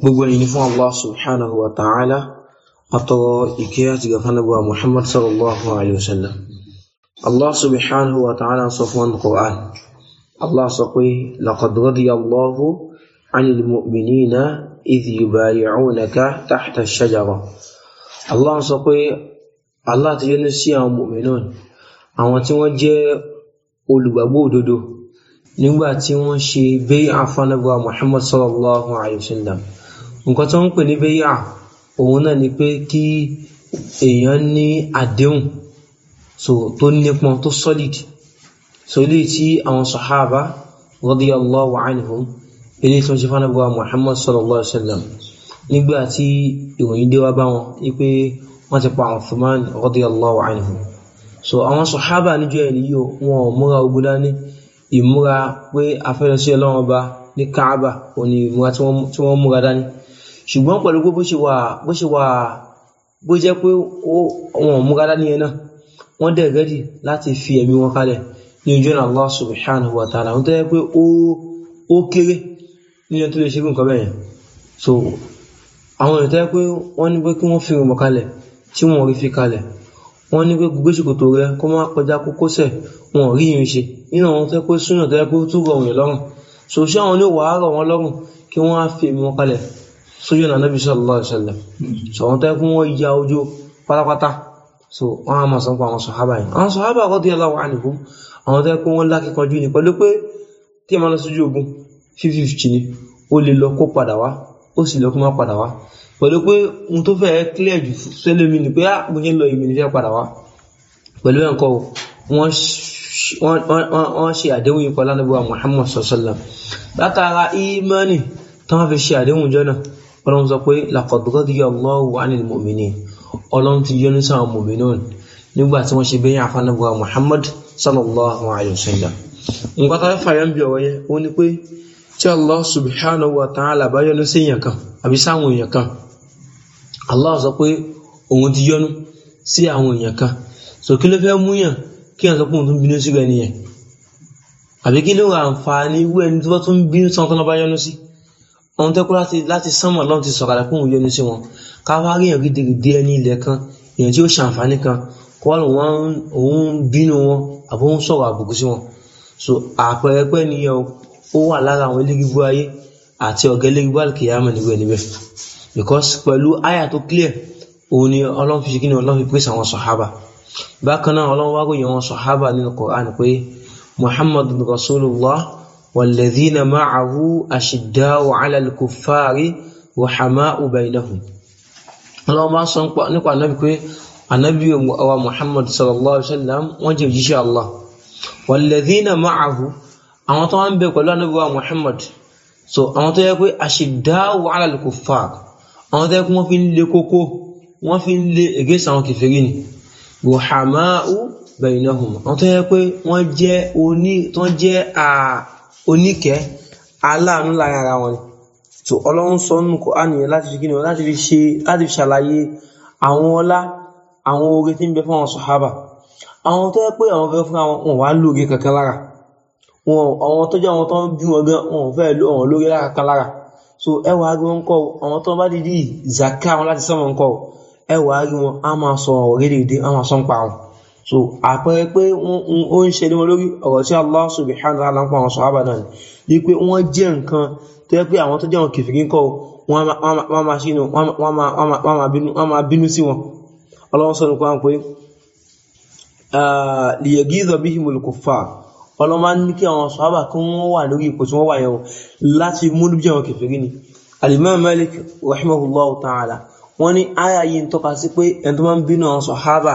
gbogbo ẹni fún Allah subhanahu wa ta'ala àtọwọ́ ìkẹ́ àti gafanabuwa Muhammad sallallahu alaihi wasallam Allah subhanahu wa ta'ala sọ fún wọn Qur'an Allah sọ pé laqad radiya Allahu 'anil mu'minina idh yubayi'unaka tahta ash-shajara Allah sọ pé Allah ti yọ́nú sí àwọn mu'minun àwọn tí wọ́n jẹ́ olùgbàgbọ́ òdodo nígbà tí wọ́n ṣe bẹ́ẹ̀ àfanabuwa Muhammad sallallahu alaihi wasallam nǹkan tó ń pè ní bẹ́yà òun náà ni pé kí èèyàn ní àdéhùn so tó nípọn tó solid so ilé tí àwọn sahaba radiyallahu anhum ilé tí wọ́n ṣe fánà bọ́ Muhammad sallallahu alaihi wasallam nígbà tí ìròyìn dé wá bá wọn ní pé wọ́n ti pa àwọn Uthman radiyallahu anhu so àwọn sahaba níjọ́ ẹni yíò wọn ò múra ogun dání ìmúra pé afẹ́lẹ́sí ọlọ́wọ́n bá ní Kaaba òní ìmúra tí wọ́n múra dání ṣùgbọ́n pẹ̀lú bó ṣe wà bó ṣe wà bó jẹ́ pé wọn ò múra ní ẹ̀nà wọ́n dẹ̀ rẹ́dì láti fi ẹ̀mí wọn kalẹ̀ ní ojú ọ̀nà Allah subhanahu wa ta'ala wọ́n tẹ́lẹ̀ pé ó kéré nínú tó lè ṣe nǹkan so àwọn ènìyàn tẹ́lẹ̀ pé wọ́n ní pé kí wọ́n fi rùn kalẹ̀ tí wọ́n rí fi kalẹ̀ wọ́n ní pé gbogbo ṣòkòtò rẹ kó má kọjá kókósẹ̀ wọn rí yìí ṣe nínú àwọn tẹ́lẹ̀ pé súnà sójú ọ̀nà Ànábì sallallahu alaihi wasallam so wọ́n tẹ́ kún wọ́n ya ojú pátápátá so wọ́n a máa sọ pé àwọn sọ̀hábà yìí àwọn sọ̀hábà radiyallahu anhum àwọn tẹ́ kún wọ́n lákì kanjú ní pẹ̀lú pé tí a máa lọ sójú ogun 50-50 ni ó lè lọ kó padà wá ó sì lọ kó má padà wá pẹ̀lú pé mo tó fẹ́ clear jù sẹ́lẹ̀mí ni pé á mo ṣe ń lọ ìmì ní fẹ́ padà wá pẹ̀lú ẹ̀kọ́ wọ́n wọ́n ṣe àdéhùn yìí pẹ̀lú Ànábì Muhammad sallallahu alaihi wasallam látara ìmánì tán fi ṣe àdéhùn jọ náà ọlọ́run sọ pé laqad radiya Allahu 'anil mu'minin ọlọ́run ti yọ́nú sáwọn mu'minun nígbà tí wọ́n ṣe bẹ́yìn àfànàbùwà Muhammad sallallahu alayhi wa sallam nǹkan tàbí fàyán bí ọ̀wọ́ yẹn ó ní pé tí Allah subhanahu wa ta'ala bá yọ́nú sí èèyàn kan àbí sáwọn èèyàn kan Allah sọ pé òun ti yọ́nú sí àwọn èèyàn kan so ohun tó kú láti láti sánmọ̀ lọ́n ti sọ̀kalẹ̀ fún òun yọ́nú sí wọn ká wá rí èèyàn gidigidi ẹni ilẹ̀ kan èèyàn tí ó ṣàǹfààní kan kó wá lòun òun bínú wọn àbó ń sọ̀rọ̀ àbùkù sí wọn so àpẹẹrẹ pẹ́ nìyẹn ó wà lára àwọn elégibú ayé àti ọ̀gá elégibú àlùkìyàmọ̀ níbẹ̀ níbẹ̀ because pẹ̀lú àyà tó clear òun ni ọlọ́run fi ṣe kí ni ọlọ́run fi pèsè àwọn sọ̀hábà bákan náà ọlọ́run wá ròyìn àwọn sọ̀hábà nínú Qur'an pé Muhammadu rasulullah والذين معه أشداء على الكفار رحماء بينهم اللهم صل nípa ànábì pé ànábì wa Muhammad sallallahu alaihi wasallam wọ́n jẹ́ òjíṣẹ́ Allah والذين معه àwọn tó ń bẹ pẹ̀lú ànábì wa Muhammad so àwọn tó yẹ أشداء على الكفار àwọn tó yẹ pé wọ́n fi ń le kókó wọ́n fi ń بينهم àwọn tó yẹ pé wọ́n jẹ́ oní oníkẹ́ aláàánú láàrin ara wọn ni so ọlọ́run sọ nínú Kùránì yẹn láti fi kíni wọn láti fi ṣe láti fi ṣàlàyé àwọn ọlá àwọn oore tí ń bẹ fún àwọn sàhábà àwọn tó yẹ pé àwọn fẹ́ fún àwọn wọn wá kankan lára àwọn tó jẹ́ àwọn tó ń bí wọn gan wọn fẹ́ wọn lóore lára kan lára so ẹ wàá rí wọn kọ àwọn tó bá dìdí zaka wọn láti sọ wọn kọ ẹ wàá rí wọn á máa sọ ọ̀rọ̀ á máa sọ wọn so àpẹẹrẹ pé ó ń ṣe ní olórí ọ̀rọ̀ tí Allah subhanahu wa ta'ala ń pa àwọn sọ̀rọ̀ náà ni pé wọ́n jẹ́ nǹkan tó yẹ pé àwọn tó jẹ́ wọn kìfìrí kọ́ wọ́n máa ṣínú wọ́n máa bínú sí wọn Allah sọ nípa pé liyagiza bihimul kuffar Allah máa ní kí àwọn sọ̀rọ̀ kí wọ́n wà lórí ipò tí wọ́n wà yẹn láti múlù jẹ́ wọn kìfìrí ni Al-Imam Malik rahimahullahu ta'ala wọ́n ní áyà yìí ń tọ́ka sí pé ẹni tó máa ń bínú àwọn sọ̀hábà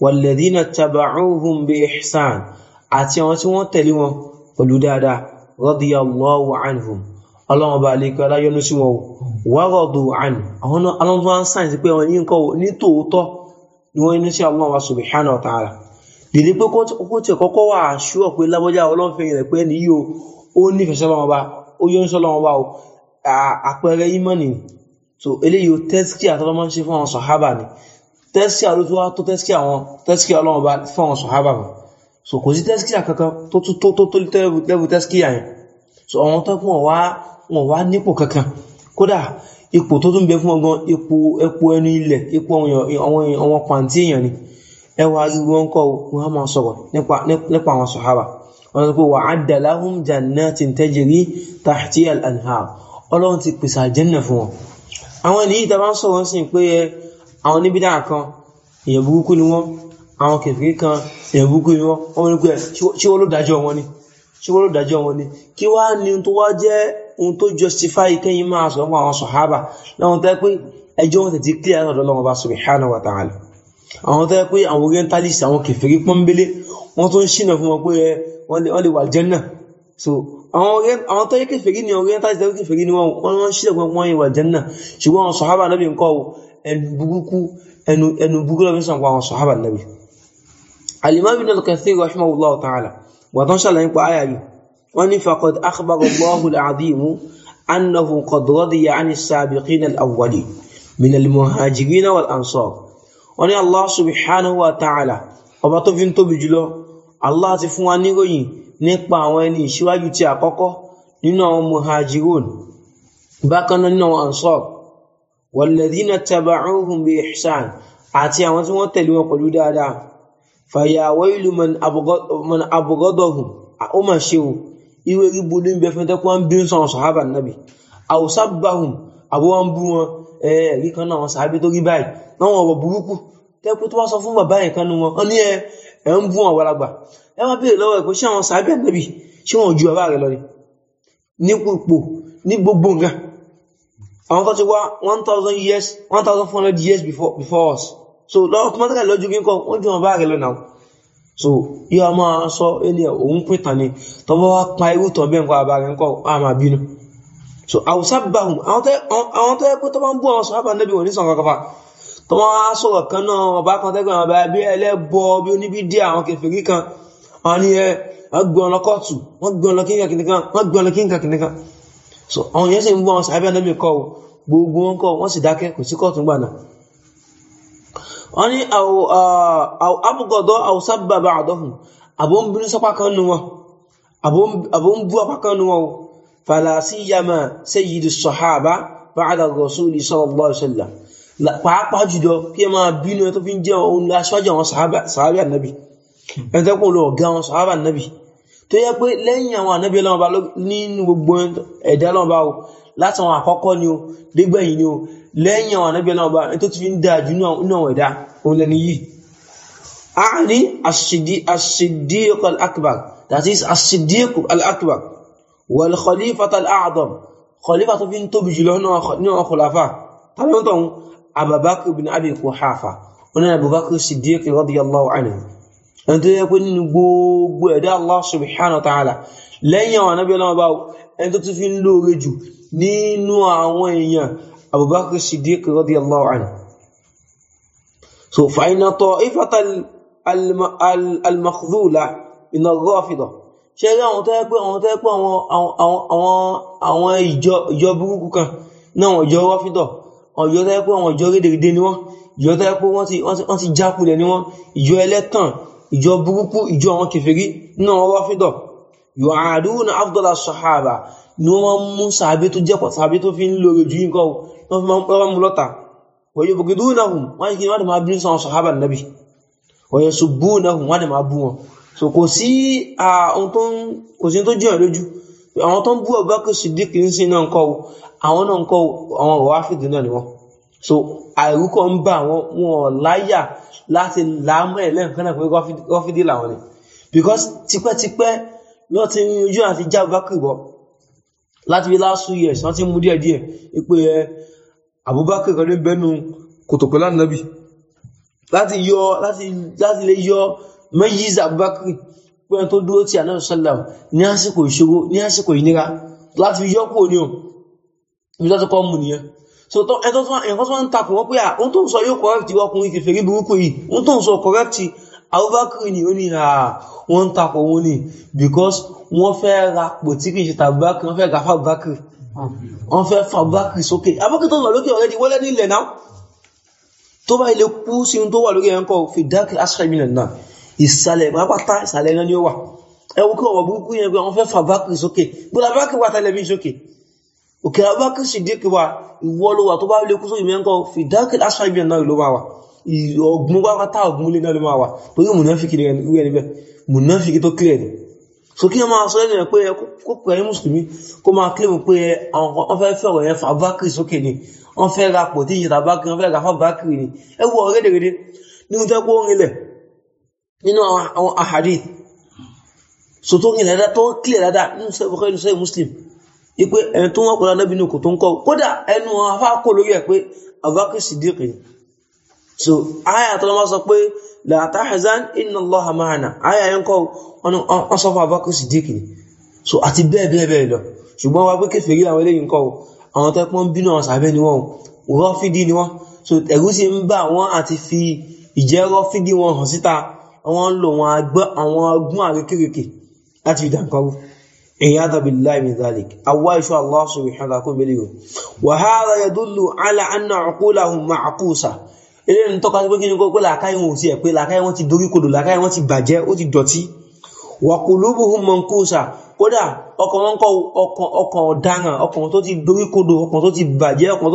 wàlẹ̀dínà taba'uhum bi ihsan àti àwọn tí wọ́n tẹ̀lé wọn pẹ̀lú dáadáa radiyallahu anhum ọlọ́run bá lè kọ́ aláyọ́nú sí wọn wà rọ̀dù àánú àwọn ọlọ́run tó ń sáyẹn sí pé wọn ní nǹkan ní tòótọ́ ni wọ́n inú sí Allah wa subhanahu wa ta'ala dìde pé kó tẹ́síà ló tó wá tó tẹ́síà wọn tẹ́síà ọlọ́run bá fún àwọn sọ̀hábà wọn so kò sí tẹ́síà kankan tó tó tó tó lẹ́bù tẹ́síà yẹn so àwọn tó fún wọn wá nípò kankan kódà ipò tó tún bẹ fún ọgbọ́n ipò ẹpò ẹnu ilẹ̀ ipò àwọn pàǹtí èèyàn ni ẹwà gbogbo wọn kọ wọn a máa sọ̀rọ̀ nípa àwọn sọ̀hábà wọn sọ pé wà á dàláhùn jannatin tajri tahtiha al-anhar ọlọ́run ti pèsè àjẹ́nà fún wọn àwọn ènìyàn ìta bá ń sọ̀rọ̀ sí pé àwọn oníbídà kan èèyàn burúkú ni wọ́n àwọn kèfèrí kan èèyàn burúkú ni wọ́n wọ́n ní pé ṣé wọ́n ló dájọ́ wọn ni ṣé wọ́n ló dájọ́ wọn ni kí wá ní tó wá jẹ́ ohun tó justify kẹ́yìn máa sọ fún àwọn sọ̀hábà láwọn tẹ́ pé ẹjọ́ wọn tẹ̀tí clear lọ́dọ̀ wa ta'ala àwọn àwọn orientalist àwọn kèfèrí pọ́nbélé wọ́n tó ń ṣìnà fún wọn eh, wọ́n so àwọn tó yẹ ni orientalist kèfèrí ni wọ́n wọ́n ṣílẹ̀ wọn wọ́n yẹ wà Janna ṣùgbọ́n àwọn sọ̀hábà lọ́bì nǹkan ẹnu burúkú ẹnu ẹnu burúkú lọ́bí sànkú àwọn sọ̀hábà nàbí al-imam ibn al-kathir rahimahullah ta'ala wà tán ṣàlàyé pa àyà yìí wọ́n ní faqad akhbara Allahu al-azim annahu qad radiya 'ani al-awwalin min al-muhajirin wal والذين تبعوهم بإحسان àti àwọn tí wọ́n tẹ̀lé wọn pẹ̀lú dáadáa fàyàwọ́ìlú man abọ́gọ́dọ̀hùn ó mà ṣe o ìwé rí bulú ń bẹ fún tẹ́kọ́ ń bí ń sọ̀rọ̀ sọ̀hábà nàbì àwòsábàhùn àbúwọ́n ń bú wọn ẹ̀ẹ̀rí kan náà wọn sàábé tó rí báyìí náà wọn wọ̀ burúkú tẹ́kù tó wá sọ fún bàbá àwọn tó ti wá 1000 years 1400 years before before us so lọ́tọ́mọ́tẹ́kà lọ́jú kí n kọ́ wọ́n jù wọn bá rẹ̀ lọ́nà so yíò a máa sọ ilẹ̀ òun pìtàn ni tọ́bọ́ wá pa irú tọ́ bẹ́ẹ̀ nǹkan àbárẹ̀ nǹkan a máa bínú so àwùsá bá hùn àwọn tó yẹ pé tọ́ bá ń bú àwọn sọ́hábà níbi òní sàn kankan fa tọ́ wọ́n á sọ̀rọ̀ kan náà ọba kan tẹ́gbẹ́ àwọn ọba bí ẹlẹ́bọ bí oníbí dí àwọn kẹfìrí kan wọn ni ẹ wọ́n gbọ́n lọ kóòtù wọ́n gbọ́n lọ kíńkà kìnìkan wọ́n gbọ́n lọ kíńkà kìnìkan so àwọn yẹn sì ń wọ́n sàábẹ́ anábì kọ́ o gbogbo wọn kọ́ wọ́n sì dákẹ́ kò sí kọ́ọ̀tún gbà náà wọ́n ní àbúgọ̀dọ́ àwùsábàbà àdọ́hùn àbò ń bínú sọ́pá kan nu wọn àbò ń bú apá kan nu wọn o fàlàsí yamà sayyidu sọ̀hábà ba'da rasuli sallallahu alaihi tó yẹ pé lẹ́yìn àwọn ànábì ọlọ́run ọba nínú gbogbo ẹ̀dá ọlọ́run ọba o láti àwọn àkọ́kọ́ ni o dégbẹ̀yìn ni o lẹ́yìn àwọn ànábì ọlọ́run ọba tó ti fi ń dáa jù nínú ẹ̀dá òun lẹni yìí àárín as-siddiq al-akbar that is as-siddiq al-akbar tó fi ń tóbi jùlọ nínú àwọn tàbí wọn tó ń Abubakar ibn Abi Quhafa wọn ni Abubakar Siddiq radiyallahu anhu ẹni tó yẹ pé nínú gbogbo ẹ̀dá Allah subhanahu wa ta'ala lẹ́yìn àwọn anábí ọlọ́wọ́ báwo ẹni tó tún fi ń lóore jù nínú àwọn èèyàn Abubakar Siddiq radiyallahu anhu so fa'ina ta'ifata al-makhdhula min ar-rafida ṣe rí àwọn tó yẹ pé àwọn tó yẹ pé àwọn ìjọ burúkú kan náà wọ́n jọ rafida ọjọ́ tó yẹ pé àwọn ìjọ rédèrèdè ni wọ́n ìjọ tó yẹ pé wọ́n ti jákulẹ̀ ni wọ́n ìjọ ẹlẹ́tàn ìjọ burúkú ìjọ àwọn kèfèrí nínú àwọn rọ́fídọ̀ yóò àádúrún afdọ́lá sọ̀hábà ni wọ́n mú sàábé tó jẹ́pọ̀ sàábé tó fi ń lórí jù yínkọ́ wọ́n fi máa ń pẹ́rọ mú lọ́ta wọ́n yóò bùgidú náà wọ́n yìí wọ́n máa bí sọ́wọ́n sọ̀hábà nàbí wọ́n yẹ ṣubú náà wọ́n máa bú wọn so kò sí ohun tó jẹ́ lójú àwọn tó ń bú Abubakar Siddiq ń sin náà ń kọ́ àwọn náà ń kọ́ àwọn rọ̀wáfídì náà ni wọ́n so àìrúkọ ń bá wọn wọn láyà láti láàmú ẹ̀ lẹ́nkán náà pé rọ́fídì làwọn ni because tipẹ́tipẹ́ lọ́n ti ní ojú àti já Abubakar bọ́ láti bí last two years wọ́n ti mú díẹ̀ díẹ̀ pé ẹ Abubakar kan ní bẹ́nu kòtò pẹ̀lú ànábì láti yọ láti lè yọ mẹ́yìí Abubakar pé tó dúró tí ànábì sallam ní àsìkò ìṣòro ní àsìkò ìnira láti yọ kúrò ní ò ibi tó ti kọ́ mú nìyẹn so tó ẹ̀tọ́ tó ẹ̀kọ́ tó ń takò wọ́n pé à ah, oun tó ń sọ yóò correct ọkùnrin kìfẹ́ rí burúkú yìí oun tó ń sọ correct Abubakar ni ó ní à ah, wọ́n ń takò wọ́n ni because wọ́n fẹ́ ra pò tí kìí ṣe tàbúbákì wọ́n fẹ́ ga fàbúbákì wọ́n fẹ́ fàbúbákì sókè abúkì tó wà lókè ọ̀rẹ́ di wọ́lẹ́ nílẹ̀ náà tó bá ilé kú sí tó wà lókè ẹ̀ńkọ́ fi dákì asfẹ́mìnà náà ìsàlẹ̀ pápátá ìsàlẹ̀ náà ni ó wà ẹwùkọ́ ọ̀rọ̀ burúkú yẹn pé wọ́n fẹ́ fàbúbákì sókè gbọ́dọ̀ òkè abákí sìdíkì wa ìwọ ló wà tó bá lè kú sóyìn mẹ́ńkọ́ fi dákì lásán ibi náà ló máa wà ọgbọ́n pátá ọgbọ́n lé náà ló máa wà torí mùnáfíkì tó clear ni so kí ẹ máa sọ ẹni pé kó pẹ̀ ẹ́ mùsùlùmí kó máa claim pé wọ́n fẹ́ fẹ́ ọ̀rẹ́ fà bákì sókè ni wọ́n fẹ́ ra pọ̀ tí yìí ta bákì wọ́n fẹ́ ra fà bákì ni ẹ wọ ipe ẹni tó wọ́n pẹ̀lú anábìnú kò tó ń kọ́ kódà ẹnu afá lórí ẹ̀ pé Abubakar so aya tó lọ́wọ́ sọ pé la tahzan inna Allaha ma'ana aya yẹn kọ́ wọ́n sọ fún so àti bẹ́ẹ̀ bẹ́ẹ̀ bẹ́ẹ̀ lọ ṣùgbọ́n wa pé kèfèrí àwọn eléyìí ń kọ́ àwọn tó pọ́n bínú àwọn wọ́n rọ́fídì ni wọ́n so ẹ̀rú sì ń bà wọ́n àti fi ìjẹ́ rọ́fídì wọn hàn síta wọ́n ń lò wọn àwọn agbọ́n àrékèrèkè láti عياذا بالله من ذلك أو إن شاء الله سبحانه وتعالى وهذا يدل على أن عقولهم معكوسة ilé ní tọ́ka sí pé kí ni kó làákàyè wọn ò sí ẹ̀ pé làákàyè wọn ti dorí kodò làákàyè wọn ti bàjẹ́ ó ti dọ̀tí wàkùlùbùhùn mọ̀nkúsà kódà ọkàn wọn kọ ọkàn ọ̀daràn ọkàn tó ti dorí kodò ọkàn tó ti bàjẹ́ ọkàn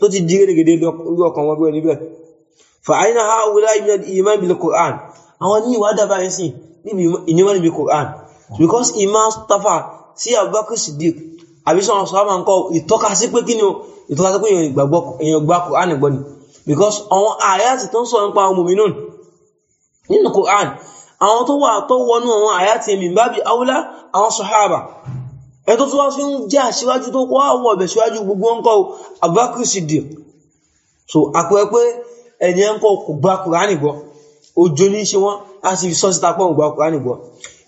tó ti di gẹ́gẹ́dẹ́ lórí ọkàn wọn gbẹ́rẹ́ níbẹ̀. fàáyínà ha wúlá ìmọ̀ ìmọ̀ ìbílẹ̀ Qur'an àwọn ní ìwà dábàá yẹn sì níbi ìnímọ̀ níbi Qur'an because imam Mustafa sí Abubakar Siddiq àbí sọ̀rọ̀ sọ̀rọ̀ nǹkan ìtọ́ka sí pé kí ni o ìtọ́ka sí pé èèyàn ìgbàgbọ́ èèyàn gba Quran gbọ́ ni because àwọn àyàtì tó ń sọ̀rọ̀ nípa àwọn mùmínùn nínú Quran àwọn tó wà tó wọnú àwọn àyàtì min babi aula àwọn sahaba ẹ̀tọ́ tó wá fi ń jẹ́ àṣíwájú tó wá wọ̀ ọ̀bẹ̀ síwájú gbogbo ǹkọ́ Abubakar Siddiq so àpẹẹ pé ẹ̀yẹn ǹkọ́ kò gba Quran gbọ́ òjò ní ṣe wọ́n a sì sọ síta pọ̀ ògbà kùránì gbọ́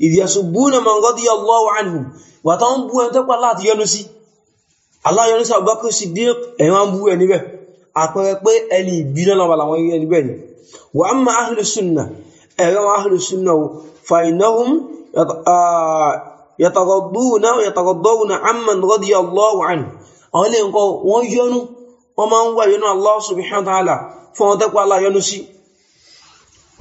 ìdíyàṣubú na mọ̀ngọ́dí Allahu anhu wà tán bú ẹni tẹ́pà láti yọ́nú sí Allah yọ́nú sí Abubakar Siddiq ẹ̀yìn e wọn bú ẹ e níbẹ̀ àpẹẹrẹ pé ẹni ìbínú lọ́wọ́ làwọn yẹn e níbẹ̀ ni wà á máa ahlu sunna ẹ̀rọ ahlu sunna o fa innahum yàtàgọ̀dọ́wùnà yàtàgọ̀dọ́wùnà amman rọ́dí Allahu anhu àwọn ilé nǹkan wọ́n yọ́nú wọ́n máa ń wà Allah subhanahu wa ta'ala fún ọ̀tẹ́kọ̀ Allah yọ́nú sí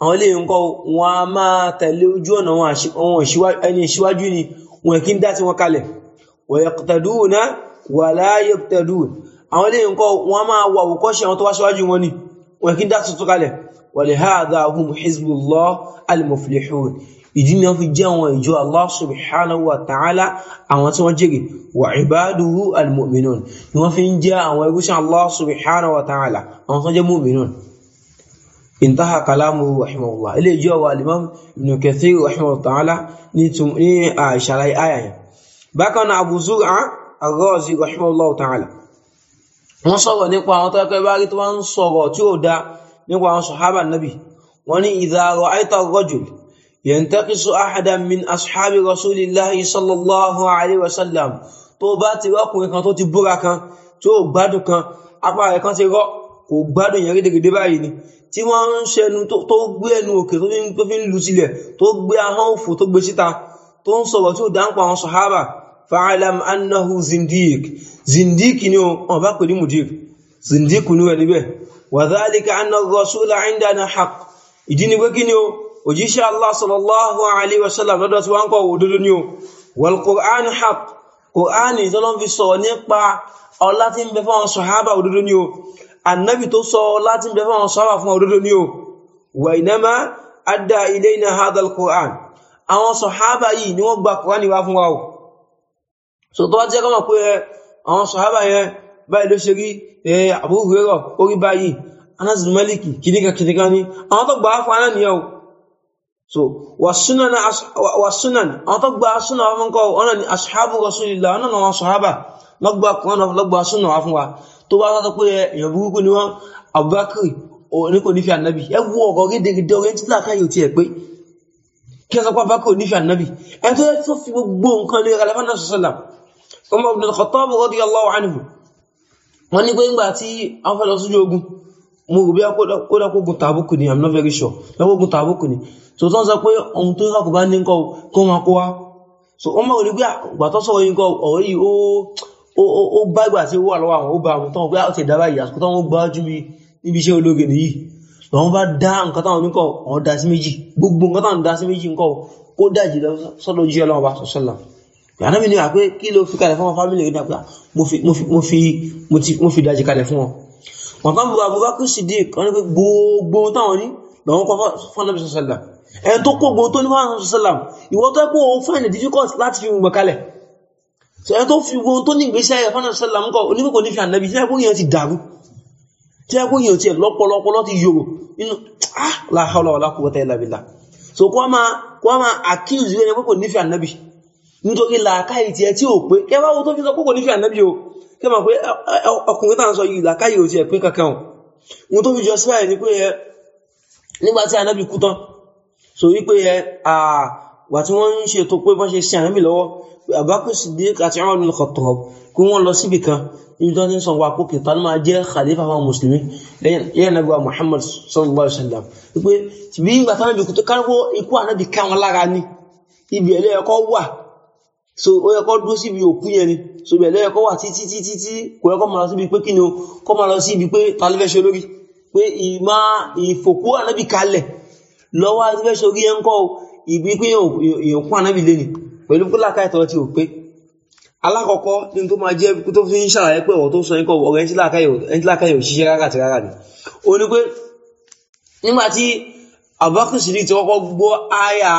àwọn ilé ìyẹnkọ́ wọn a máa tẹ̀lé ojú ọ̀nà ẹni ìṣíwájú ni wọn kí ń dá sí wọn kalẹ̀ wa yaqtaduna wa la yaqtadun àwọn ilé ìyẹnkọ́ wọn a máa wà wùkọ́ṣe àwọn tó wá síwájú wọn ni wọn kí ń dá tuntun kalẹ̀ wa lihadha hum hizbullah al-muflihun ìdí ni wọ́n fi jẹ́ àwọn ìjọ Allah subhanahu wa ta'ala àwọn tí wọ́n jèrè wa ibaduhu al-mu'minun ni wọ́n fi ń jẹ́ àwọn ẹrúṣẹ́ Allah subhanahu wa ta'ala àwọn tó jẹ́ mu'minun انتهى كلامه رحمه الله إلي جوا الإمام ابن كثير رحمه الله تعالى نتم شرعي آية بكنا أبو زرعة الرازي رحمه الله تعالى wọ́n sọ̀rọ̀ nípa àwọn tó kẹ́ bá rí tí wọ́n ń sọ̀rọ̀ tí ó dá nípa àwọn sọ̀hábà nàbì wọ́n ní إذا رأيت الرجل ينتقص أحدا من أصحاب رسول الله صلى الله عليه وسلم tó bá ti rọ́kùnrin kan tó ti búra kan tí ó gbádùn kan apá rẹ̀ kan ti rọ́ kò gbádùn èèyàn rédèrèdè báyìí ni tí wọ́n ń ṣẹnu tó gbé ẹnu òkè tó fi ń lu sílẹ̀ tó gbé ahọ́n òfò tó gbé síta tó ń sọ̀rọ̀ tí ó dáńpọ̀ àwọn sọ̀hábà fa'alam annahu zindiq zindiq ni wọ́n bá pè ní mudir zindiq ni wọ́n níbẹ̀ wa dhalika anna ar-rasula indana haqq ìdí ni pé kí ni o òjíṣẹ́ allah sallallahu alaihi wasallam lọ́dọ̀ tí wọ́n ń kọ̀ òdodo ni o wal qur'an haqq qur'an ìtọ́lọ́n fi sọ̀rọ̀ nípa ọlá tí ń bẹ fún àwọn sọ̀hábà òdodo ni o annabi tó sọ láti bẹ fáwọn sọ́wà fún òdodo ní o wà ìnáma adá ilé iná hadal quran àwọn sọ̀hábà yìí ni wọ́n gba quran wá fún wa o so tó wá jẹ́ kọ́mọ̀ pé àwọn sọ̀hábà yẹn báyìí ló ṣe rí Abu Hurairah orí báyìí Anas bin Malik kìdíkà kìdíkà ní àwọn tó gbà fún aná nìyẹn so wà sunan àwọn tó gbà sunan wọn kọ́ ọ̀nà ni ashabu rasulillah ọ̀nà àwọn sọ̀hábà lọ́gbà quran lọ́gbà sunan wá fún wa tó bá sọ pé èèyàn burúkú ni wọ́n Abubakar ní kò nífẹ̀ẹ́ ànábì ẹ wo ọ̀rọ̀ rédèrèdè ọ̀rẹ́ tí làákàyè ò tiẹ̀ pé kí ẹ sọ pé Abubakar nífẹ̀ẹ́ ànábì ẹ tó yẹ tó fi gbogbo nǹkan lè rẹ̀lẹ́fẹ́ náà sọ́sọ́là ọmọ Ibn Khattab radiyallahu anhu wọ́n ní pé ńgbà tí àwọn fẹ́ lọ sójú ogun mo rò bí kódàkógun tàbùkù ni i'm not very sure lọ́gbógun tàbùkù ni so tán ó gbágbà tí ó wà lọ́wọ́ àwọn ó bá àwọn tán pé ó ti dábà ìyàsùkú tán wọ́n gbájú mi níbi iṣẹ́ ológe nìyí lọ́wọ́n bá dá nǹkan táwọn oníkọ̀ ọ̀n dá sí méjì gbogbo nǹkan táwọn dá sí méjì nǹkan kó dájì lọ sọ́dọ̀ jí ọlọ́wọ́ bá sọ́sọ́lá ànábì ni wà pé kí ló fi kalẹ̀ fún wọn fámìlì rẹ̀ dàgbà mo fi dájì kalẹ̀ fún wọn wọn kan bu Abubakar Siddiq kan ní so ẹ tó fi wo tó ní ìgbésí ayé fánà sálàm kọ oníkòkò ní fi ànábì tí ẹkùn yẹn ti dàrú tí ẹkùn yẹn ti ẹ̀ lọ́pọ̀lọpọlọ ti yòrò inú ah la hawla wala quwwata illa billah so kó a máa kó a máa accuse yẹn pé kò ní fi ànábì nítorí làákàyè tiẹ̀ tí ò pé kẹwàá wo tó fi sọ pé kò ní fi ànábì o kẹwàá pé ọkùnrin táà ń sọ yìí làákàyè ò tiẹ̀ pé kankan o wọn tó fi jọ síbáyé ni pé ẹ nígbà tí ànábì kú tán so wípé ẹ àà wà tí wọ́n ń ṣètò pé bọ́n ṣe sí ànábì lọ́wọ́ Abubakar Siddiq àti Umar bin Khattab kí wọ́n lọ síbi kan ibi tó ń sọ wà kókè tó máa jẹ́ khalifa àwọn mùsùlùmí lẹ́yìn nàbí Muhammad sallallahu alaihi wasallam wípé bí ìgbà táwọn ibi tó kárwọ́ ikú ànábì káwọn lára ni ibi ẹ̀lẹ́ ẹ̀kọ́ wà so ó yẹ kó dúró síbi òkú yẹn ni so ibi ẹ̀lẹ́ ẹ̀kọ́ wà títí títí tí kò yẹ kó máa lọ síbi pé kí ni o kó máa lọ síbi pé talifẹ́ṣẹ́ lórí pé ìmá ìfòkú ànábì kalẹ̀ lọ́wọ́ àti fẹ́ṣẹ́ orí yẹn ń kọ́ ibi pé ìyókù ànábì lé ni pẹ̀lú kúlákà ìtọ́ tí ó pé alákọ̀ọ́kọ́ ní tó máa jẹ́ tó fi ń ṣàlàyé pé ọ̀rọ̀ tó sọ ikọ̀ ọ̀rẹ́ ńtílákà yóò ṣiṣẹ́ rárá ti rárá ni ó ní pé nígbàtí abakùsìrí ti kọ́kọ́ gbọ́ àyà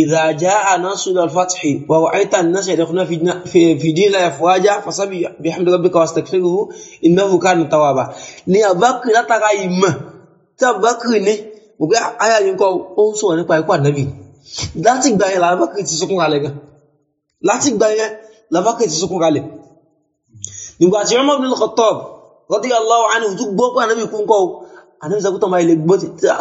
ìdájá anásùlọ alfatihi wà wà àìtà nasa ìdẹ́kùnà fìdílà ẹ̀fọ́ájá fasabi bihamdi rabbika wastaghfiruhu innahu kana tawwaba ní abakùn látara ìmọ̀ tí abakùn ní gbogbo àyà yìí kọ́ ó ń sọ̀rọ̀ nípa ikú ànábì láti gbà yẹn làbakùn ti sọkún alẹ́ gan láti gbà yẹn làbákẹ́ ti sunkún kalẹ̀ nígbà tí Umar ibn al-Khattab radiyallahu anhu tó gbọ́ pé ànábì kú ńkọ́ ànábì sọ pé tọ́mọ ilé gbọ́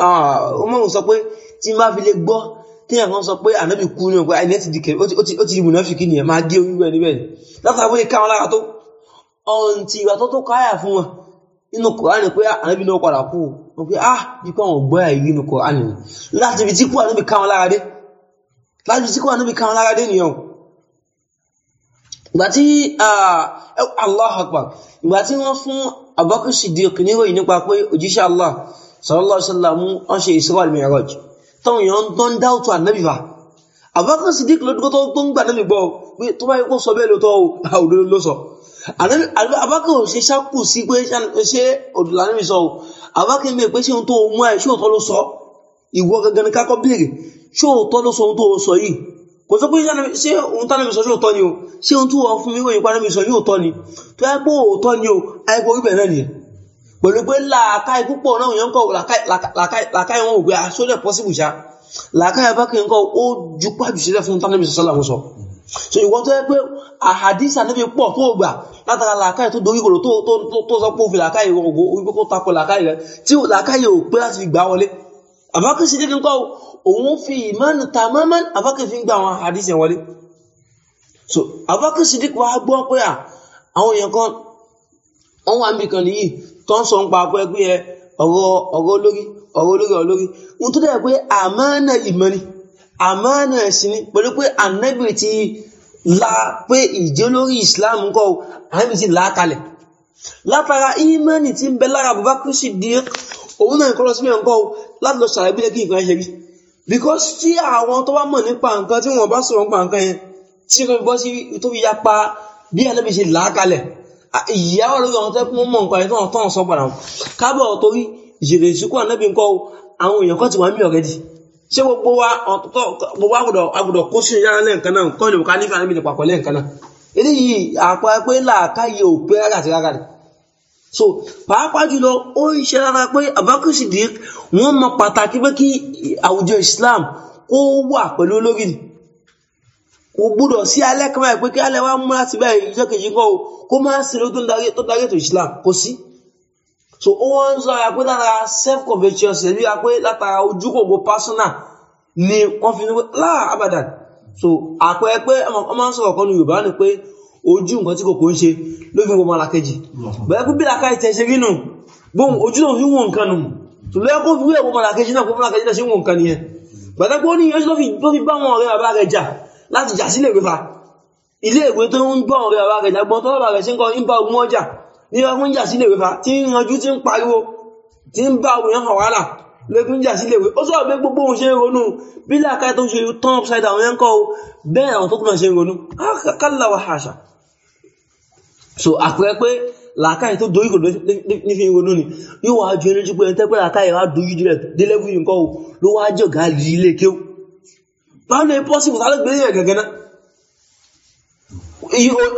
ah, Umar sọ pé tí n bá fi lè gbọ́ téèyàn kan sọ pé ànábì kú ní ọ̀pẹ́ àìní ti di kẹ̀mí ó ti di mùnáfíkì nìyẹn máa gé orí rẹ̀ níbẹ̀ látàbó lè ah, ah ikú àwọn ògbọ́ àyè nínú Kùránì láti ibi tí kú ànábì káwọn lára dé láti ibi tí kú ànábì ìgbà tí Allah akbar ìgbà tí wọ́n fún Abubakar Siddiq níròyìn nípa pé òjíṣẹ́ Allah sallallahu alaihi wasallam ọ́n ṣe Isra wal Mi'raj táwọn èèyàn tó ń dáwọ́tò ànábì wa Abubakar Siddiq lọ́dúnkọ́ tó ń gbà náà gbọ́ pé tó bá yẹ kó sọ bẹ́ẹ̀ lóòótọ́ òdodo ló sọ Abubakar ò ṣe ṣákù kò sọ pé ṣé ohun tánàbí sọ yóò tọ́ ni o ṣé ohun tó wà fún mi òyìnbá náà sọ yóò tọ́ ni tó yẹ pé òótọ́ ni o àìkò orí bẹ̀rẹ̀ ni pẹ̀lú pé làákàì púpọ̀ náà yẹn kọ́ làákàì wọn ò gbé àṣọlẹ̀ pọ́sibù ṣá làákàì bá kí n kọ́ ó ju pàjù sílẹ̀ fún tánàbí sọ́lá fún sọ so ìwọ́n tó yẹ pé àhàdísà níbi pọ̀ tó gbà látara làákàì tó dorí kòrò tó sọ pé òfin làákàì wọn ò gbó orí pé kó takò làákàì rẹ tí làákàì ò pé láti gbà wọlé àbákẹ́sí dídín kọ́ òun fi ìmánu tamaman abákẹ́ fi ń gba àwọn àdísì wọlé so abákẹ́ sidik wa gbọ́ pé à àwọn èèyàn kan wọ́n wà níbi kan nìyí tó ń sọ ń pa apẹ́ pé ẹ ọ̀rọ̀ ọ̀rọ̀ olórí ọ̀rọ̀ olórí ọ̀rọ̀ olórí ohun tó dẹ̀ pé àmánà ìmọ̀ ni àmánà ẹ̀sìn ni pẹ̀lú pé ànábì ti la pé ìjẹ́ olórí Islam kọ́ ànábì ti là á kalẹ̀ látara ìmánì ti ń bẹ lára Abubakar Siddiq òun náà kọ́ lọ sí mẹ́rin kọ́ láti lọ sàlàyé bí nǹkan ṣe rí because tí àwọn tó bá mọ̀ nípa nǹkan tí wọ́n bá sọ̀rọ̀ nípa nǹkan yẹn tí wọ́n bọ́ sí tó fi yapa bí Ànábì ṣe làákalẹ̀ ìyá olórí àwọn tẹ́kùn mọ̀ nǹkan yẹn tó tán sọ padà kábọ̀ torí ìṣẹ̀lẹ̀ ìṣúkú Ànábì nǹkan àwọn èèyàn kan ti wà ń bí ọ̀rẹ́dì ṣé gbogbo wa gbogbo agbọ̀dọ̀ kó sí yára lẹ́ǹkan náà kọ́ ìlú ká nífẹ̀ẹ́ Ànábì nípa pẹ̀lẹ́ nǹkan náà eléyìí àpá pé làákàyè òpin rárá àti rárá rẹ̀ so pàápàá jùlọ ó ń ṣe rárá pé Abubakar Siddiq wọ́n mọ pàtàkì pé kí àwùjọ Islam kó wà pẹ̀lú olórí ni kò gbúdọ̀ sí alẹ́ kan báyìí pé kí alẹ́ wa múra sí báyìí ìjọ kejì kan o kó má sí ló tó darí tó darí ètò Islam kò sí so ó wọ́n ń sọra pé lára self convention ṣẹlú ya pé látara ojú personal ni wọ́n fi ní pé láà abadan so àpẹẹrẹ pé ọmọ ń sọ̀rọ̀ kan ní Yorùbá ni pé ojú nǹkan tí kò kò ń ṣe ló fi gbogbo alákejì bẹ̀rẹ̀ kú bí láká ìtẹ́ ṣe rínú gbóhùn ojú náà fi wọ́n nǹkan nù tó lẹ́yẹ́ kó fi wọ́n alákejì náà gbogbo alákejì náà ṣe wọ́n nǹkan nìyẹn bẹ̀rẹ̀ kó ní ojú ló fi bá wọn ọ̀rẹ́ bàbá rẹ̀ jà láti jà fa ilé ìwé tó ń gbọ́ ọ̀rẹ́ bàbá rẹ̀ jàgbọ́n tó bàbá fa tí ń ranjú tí ń pariwo tí ń bá ogun yẹn hàn wàhálà lẹ́kùn jà sílé ìwé ó sọ̀rọ̀ pé gbogbo òun ṣe ń ronú bí láàká tó ń ṣe tán upside down yẹn kọ́ bẹ́ẹ̀ àwọn tó kùnà ṣe ń ronú kálà wà hàṣà so àpẹẹ pé làákàyè tó dorí kò nífi ronú ni yóò wá ju energy pé ẹntẹ́ pé làákàyè wá dojú jùlẹ̀ délẹ́fù yìí nǹkan ló wá jọ gá lè ilé kí ó báwo ni possible tá ló gbé yẹn gẹ̀gẹ̀ náà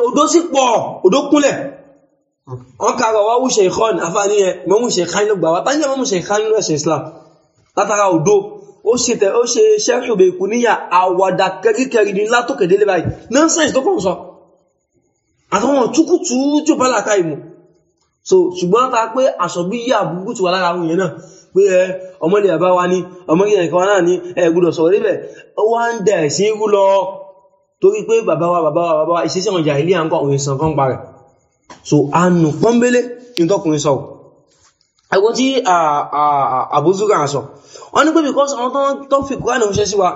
odó sì pọ̀ odó kúnlẹ̀ wọn kàrọ̀ wá wùṣẹ̀ ìkọ́n àfáàní yẹn mọ́ wá tá Islam látara odó ó ṣe tẹ̀ ó ṣe ṣẹ́rìn òbèkú níyà àwàdà kẹríkẹrí ni látòkèdélé báyìí àtàwọn túkùtù tí ó bá làkà ìmú so ṣùgbọ́n ta pé àṣọ̀bí yà búgbù ti wà lára àwọn èèyàn náà pé ẹ ọmọlẹ̀ àbá wa ní ọmọlẹ̀ ẹ̀kọ́ náà ní ẹgbùdọ̀ sọ̀rọ̀ níbẹ̀ ó wá ń dẹ̀ sí irú lọ torí pé bàbá wa bàbá wa bàbá wa ìṣẹ́sẹ́ ọjà ilé à ń kọ́ òyìn sàn kan parẹ̀ so anù pọ́nbélé ìtọkùnrin sọ ẹgbọ́n tí àbúzúgà sọ wọ́n ní pé because àwọn tó fi kúránì wa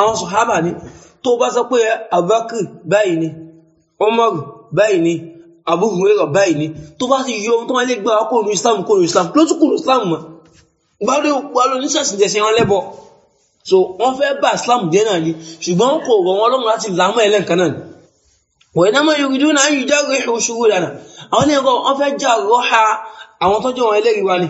àwọn sọ̀hábà ni tó bá sọ pé báyìí ni Abu Hurairah báyìí ni tó bá ti yọ ohun tó wọ́n lè gbà kó nu Islam kó nu Islam ló tún kó nu Islam mọ́ gbádùn wàlú oníṣẹ́sì jẹ̀sìn wọn lẹ́bọ̀ so wọ́n fẹ́ bá Islam jẹ́ náà ni ṣùgbọ́n kò rọ̀ wọn lọ́rùn láti làmọ́ ẹlẹ́ǹkan náà ni wọ́n iná mọ́ yorùdú náà yìí járe oṣùwò lànà àwọn ní ẹ̀kọ́ wọ́n fẹ́ já rọ́ha àwọn tọ́jú wọn ẹlẹ́rìí wa ni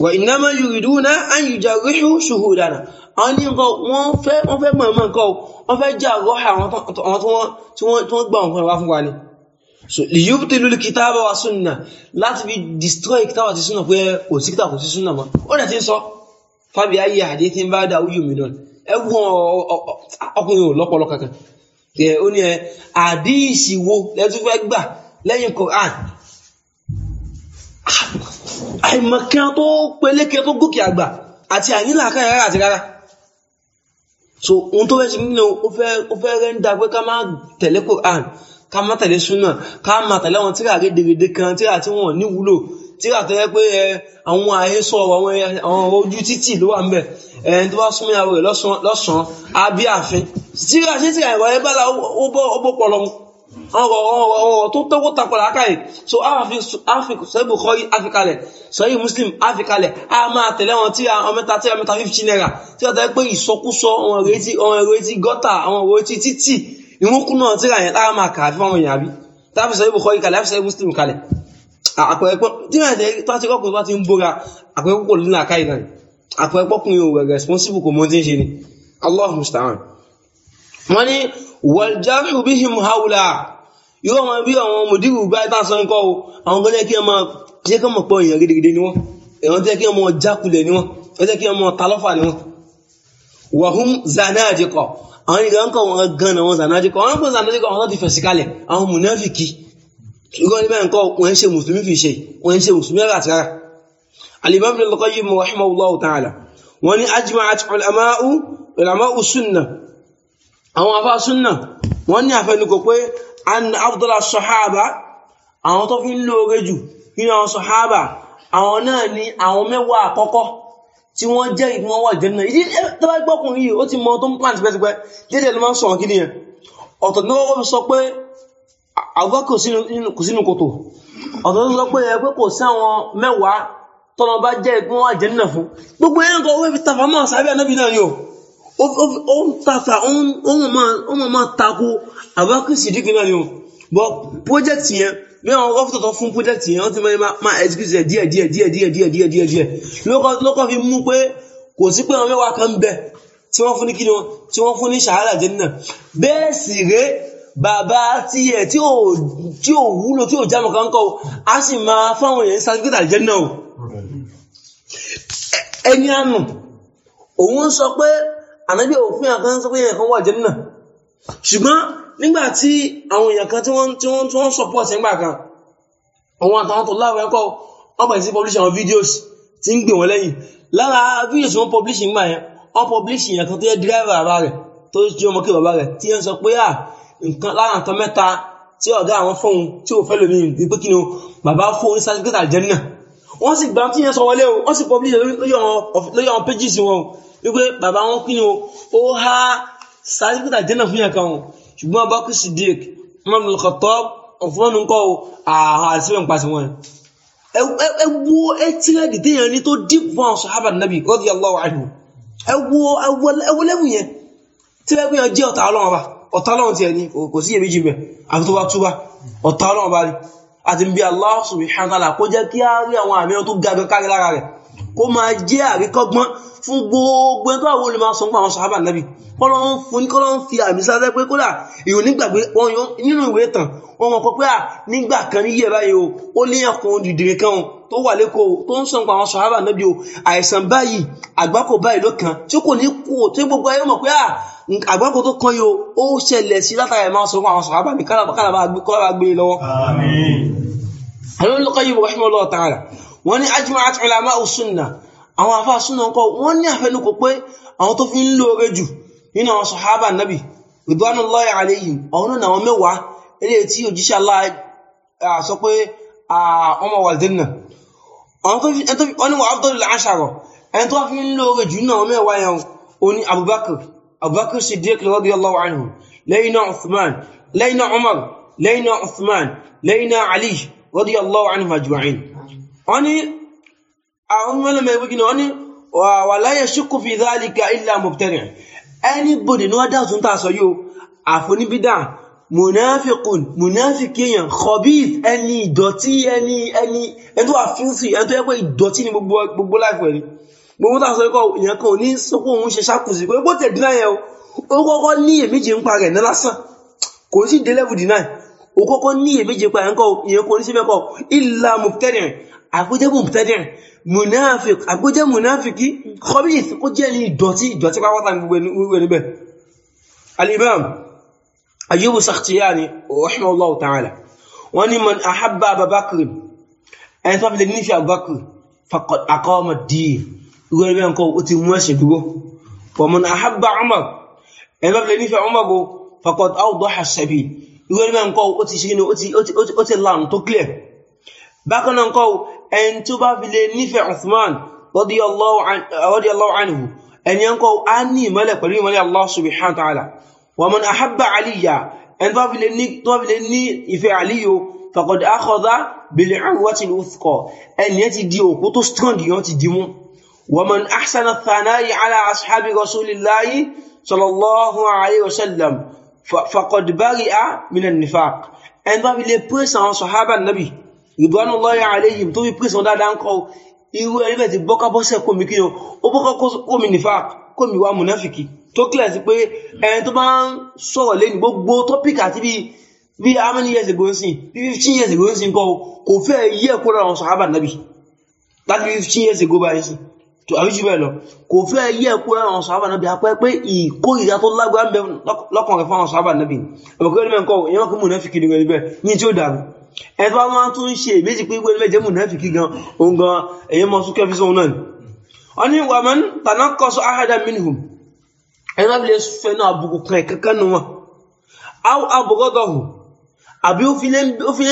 wọ́n iná mọ́ yorùdú náà yìí járe oṣùwò lànà àwọn ní nǹkan wọ́n fẹ́ wọ́n fẹ́ mọ̀ọ́mọ̀ nǹkan o wọ́n fẹ́ jẹ́ àgọ́ àwọn tí wọ́n gbà wọn wá fún wa ni so liyubtilu kitaba wa sunna láti fi destroy kitaba ti sunna pé kò sí kitaba kò sí sunna mọ́ ó dẹ̀ ti ń sọ fábí ayé àdéhìn bá dá wíyù mi náà ẹgbọ́n ọkùnrin ò lọ́pọ̀lọ́ kankan ó ní ẹ àdíìsì wo lẹ́tún fẹ́ gbà lẹ́yìn Qur'an àìmọ̀kan tó peléke tó gòkè àgbà àti àyínlá káyàrá àti rárá so ohun tó fẹ́ ṣe nínú ó fẹ́ ó fẹ́ rẹ́ńdà pé ká má tẹ̀lé Quran ah, ká má tẹ̀lé Sunnah ká má tẹ̀lé àwọn tíra rédèrèdè kan tíra tí wọ́n níwúlò tíra tó yẹ pé ẹ àwọn àhesọ àwọn àwọn ojú títì ló wà ńbẹ ẹ tó bá súnmọ́ ìyàwó rẹ̀ lọ́sàn-án á bí ààfin tíra ṣé tíra ìwà ẹ bá la ó bọ́ ó pọ̀ lọ́wọ́ ọ̀rọ̀ ọ̀rọ̀ tó tọ́wọ́ takọ̀lá káyì so sẹ́bù kọ́ áfíkalẹ̀ sọ́yí muslim áfíkalẹ̀ a máa tẹ̀lé wọn tí A mẹ́ta tí àwọn mẹ́ta fífi náírà tí wọ́n tẹ́lẹ̀ pé ìsọkúsọ àwọn èrò etí àwọn èrò etí gọ́tà àwọn èrò etí títì ìwúkú náà tí ra yẹn lára máa kà fún àwọn èèyàn bí táfi sọ́yí bù kọ́ kalẹ̀ táfi sọ́yí muslim kalẹ̀ àpẹẹrẹ pọ́ tí wọ́n wàljáhù bí him haula yóò máa bí àwọn mùdírù bá ìta sọ nǹkan o àwọn kan jẹ́ kí ẹ máa jẹ́ kí mọ̀ pọ̀ èèyàn gidigidi ni wọ́n èèyàn jẹ́ kí ẹ mọ̀ jákulẹ̀ ni wọ́n ẹ jẹ́ kí ẹ mọ̀ talọ́fà ni wọ́n wàhùn zanadikọ̀ àwọn ìgbà ń kọ̀ wọn gan àwọn zanadikọ̀ àwọn kan zanadikọ̀ àwọn tó ti fẹ̀sí kalẹ̀ àwọn mùnáfìkì ṣùgbọ́n níbẹ̀ nǹkan wọ́n ń ṣe mùsùlùmí fi ṣe wọ́n ń ṣe mùsùlùmí ràtìrà al-imam Ibn al-Qayyim rahimahullahu ta'ala wọ́n ní ajma'at ulama'u ulama'u sunnah àwọn afásúnnà wọ́n ní àfẹnukò pé afdala sọ̀háàbá àwọn tó fi ń lóore jù nínú àwọn sọ̀háàbá àwọn náà ni àwọn mẹ́wàá àkọ́kọ́ tí wọ́n jẹ́ ìwọ̀n wà jẹ́ náà ìdí tọ́wọ́ gbọ́kùnrin yìí ó ti mọ tó ń plant pẹ́sipẹ́ dédé ló máa ń sọ̀rọ̀ kí nìyẹn ọ̀tọ̀ ní wọ́n sọ pé àgọ́ kò sínú kòtò ọ̀tọ̀ ó ń tàtà ó mọ̀ máa tako àbákù sídìkì náà ni o bọ́ pọ́jẹ́tì yẹn mẹ́wàá ọ́fíìsì tó fún pọ́jẹ́tì yẹn wọ́n ti mẹ́rin máa excuse ẹ̀ díẹ̀ díẹ̀ díẹ̀ díẹ̀ díẹ̀ díẹ̀ díẹ̀ díẹ̀ lọ́kọ̀ fi mú pé kò sí pé àwọn mẹ́wàá kan bẹ tí wọ́n fún ní kíni wọn tí wọ́n fún ní sàárà jẹ́ náà bẹ́ẹ̀ sì ré bàbá tí ẹ̀ tí ò wúlò tí ò jámọ̀ kan kọ́ a sì máa fáwọn èèyàn sàkítà jẹ́ náà ẹni àná òun sọ pé ànábì òfin àkán sọ pé èèyàn kan wà jẹ́nà ṣùgbọ́n nígbà tí àwọn èèyàn kan tí wọ́n tí wọ́n tí wọ́n support nígbà kan àwọn àtàwọn tó láwọn ẹ̀kọ́ wọ́n bẹ̀rẹ̀ sí publish àwọn videos tí ń gbè wọ́n lẹ́yìn lára videos wọ́n publish nígbà yẹn wọ́n publish èèyàn kan tó yẹ driver bàbá rẹ̀ tó jẹ́ ọmọ kí bàbá rẹ̀ tí ń sọ pé à nǹkan lára nǹkan mẹ́ta tí ọ̀gá àwọn fóun tí ò fẹ́ lómi ní pé kí ni bàbá fóun sáré wọ́n sì gbà tí yẹn sọ wọlé o wọ́n sì publish lórí àwọn pages wọn o wípé bàbá wọn kí ni o ó há sáàtìkítà jẹ́nà fún yẹn kan o ṣùgbọ́n Abubakar Siddiq Umar ibn Khattab ọ̀fọ́n nǹkọ́ o àhà àti ìwọ̀n pàṣẹ wọn ẹ wo ẹ tírẹ́dì téèyàn ní tó deep fún àwọn sahaba nabi radiyallahu anhu ẹ wo ẹ wo lẹ́wù yẹn tírẹ́dì yẹn jẹ́ ọ̀tá ọlọ́run ọba ọ̀tá ọlọ́run tiẹ̀ ni kò sí iyèméjì bẹ̀ àfi tó bá túbá ọ̀tá ọlọ́run ọba ni àti bí Allah subhanahu wa ta'ala kó jẹ́ kí á rí àwọn àmì tó gagan kárí lára rẹ̀ kó máa jẹ́ àríkọ́gbọ́n fún gbogbo ẹni tó àwọn olùmọ̀ sọ fún àwọn sàhábà nàbì kọ́lọ́ ń fún kọ́lọ́ ń fi àmì sáfẹ́ pé kódà ìrò nígbàgbé wọn yọ nínú ìwé tàn wọn mọ̀ pé à nígbà kan ní yẹ̀ báyìí o ó ní wà lẹ́kọ̀ọ́ tó ń sọ àwọn sàhábà nàbì o àìsàn báyìí àgbákò báyìí ló kàn tí kò ní kú tí gbogbo ayé mọ̀ pé à àgbákò tó kọ́ yóò ó ṣẹlẹ̀ sí látàrí ẹ̀ máa sọ fún àwọn sọ̀rọ̀ àbámi kálàbà gbé e lọ́wọ́. àwọn olùkọ́ yìí wọ́n ṣùgbọ́n lọ́ọ̀tà rẹ̀ wọ́n ní ajma'at ulama sunna àwọn afá sunna ńkọ́ wọ́n ní àfẹnukò pé àwọn tó fi ń lóore jù nínú àwọn sọ̀hábà nàbì ridwanullahi jù nínú àwọn mẹ́wàá yẹn abubakar siddiq radiyallahu anhu lẹ́yìn náà uthman lẹ́yìn náà umar lẹ́yìn náà uthman lẹ́yìn náà ali radiyallahu anhu ajma'in wọ́n ní àwọn mẹ́lẹ̀mẹ́ ìwé gina wọ́n ní wà láyé ṣíkú fi dhalika illa mubtadi' anybody ní wọ́n dá òtún tà sọ yóò àfoníbídà munafiqun munafikiyan khabith ẹni ìdọ̀tí ẹni ẹni ẹni tó wà fífì ẹni tó yẹ pé ìdọ̀tí ni gbogbo láìpẹ́ ni gbogbo tá a sọ ikọ̀ èèyàn kan ò ní sọ pé òun ṣe ṣàkùsì pé bó tẹ̀ dínà yẹn o ó kọ́kọ́ ní èméje ń pa rẹ̀ ní lásán kò sí dé level dínà o kọ́kọ́ ní èméje pa yẹn kọ́ ìyẹn kò ní síbẹ̀ kọ́ ìlà mùtẹ́dìrín àgbójẹ́ mùtẹ́dìrín munafik àgbójẹ́ munafiki khabith kó jẹ́ ní ìdọ̀tí ìdọ̀tí pápátá gbogbo ẹni bẹ́ẹ̀ irú ẹni bẹ́ẹ̀ nǹkan ó ti mú ẹ̀sìn dúró wọ́n ahabba Umar ẹ̀bá fẹ́ nífẹ̀ẹ́ Umar bó faqad awdaha as-sabil irú ẹni bẹ́ẹ̀ nǹkan ó ti ṣe ní ó ti lànà tó clear bákan náà nǹkan ẹni tó bá fi lè nífẹ̀ẹ́ Uthman radiyallahu anhu ẹni nǹkan á ní ìmọ́lẹ̀ pẹ̀lú ìmọ́lẹ̀ Allah subhanahu wa ta'ala wọ́n ahabba Aliya ti di òkú tó strong yẹn ti di ومن أحسن الثناء على أصحاب رسول الله صلى الله عليه وسلم فقد برئ من النفاق ẹni tó fi lè pèsè àwọn sọ̀hábà nàbì ìbánu lọ́yà àléyìn tó fi pèsè wọn dáadáa ń kọ́ irú ẹni bẹ́ẹ̀ ti bọ́ká bọ́sẹ̀ kómi kí wọn ó bọ́ká kómi nifaq kómi wa munafiki tó kílẹ̀ sí pé ẹni tó máa ń sọ̀rọ̀ lẹ́nu gbogbo tọ́pìkì àti bíi bíi how many years ago ń sìn bíi fifteen years ago ń sìn kọ́ kò fẹ́ yẹ kó lọ́rọ̀ àwọn sọ̀hábà nàbì láti fifteen years ago báyìí sìn àbí jù bẹ́ẹ̀ lọ kò fẹ́ yẹ kó rẹ̀ àwọn sàábà náà bí apẹ́ pé ìkórìíra tó lágbára ń bẹ lọ́kàn rẹ̀ fáwọn sàábà náà bì ọmọ kí ó níbẹ̀ ń kọ́ ìyẹn wọn kò mùnáfìkì nìkan níbẹ̀ yín tí ó dàrú ẹni bá wọn tún ṣe ìbéjì pé ìwé níbẹ̀ jẹ́ mùnáfìkì gan òun gan èyí mọ súnkẹ́ fi sóun náà ni. wọ́n ní wàmọ́ ń tàná kọ́ sọ ahada minhum ẹni wọ́n fi lè fẹ́ náà àbùkù kan ìkankan nu wọn. aw abghadahu àbí ó fi lè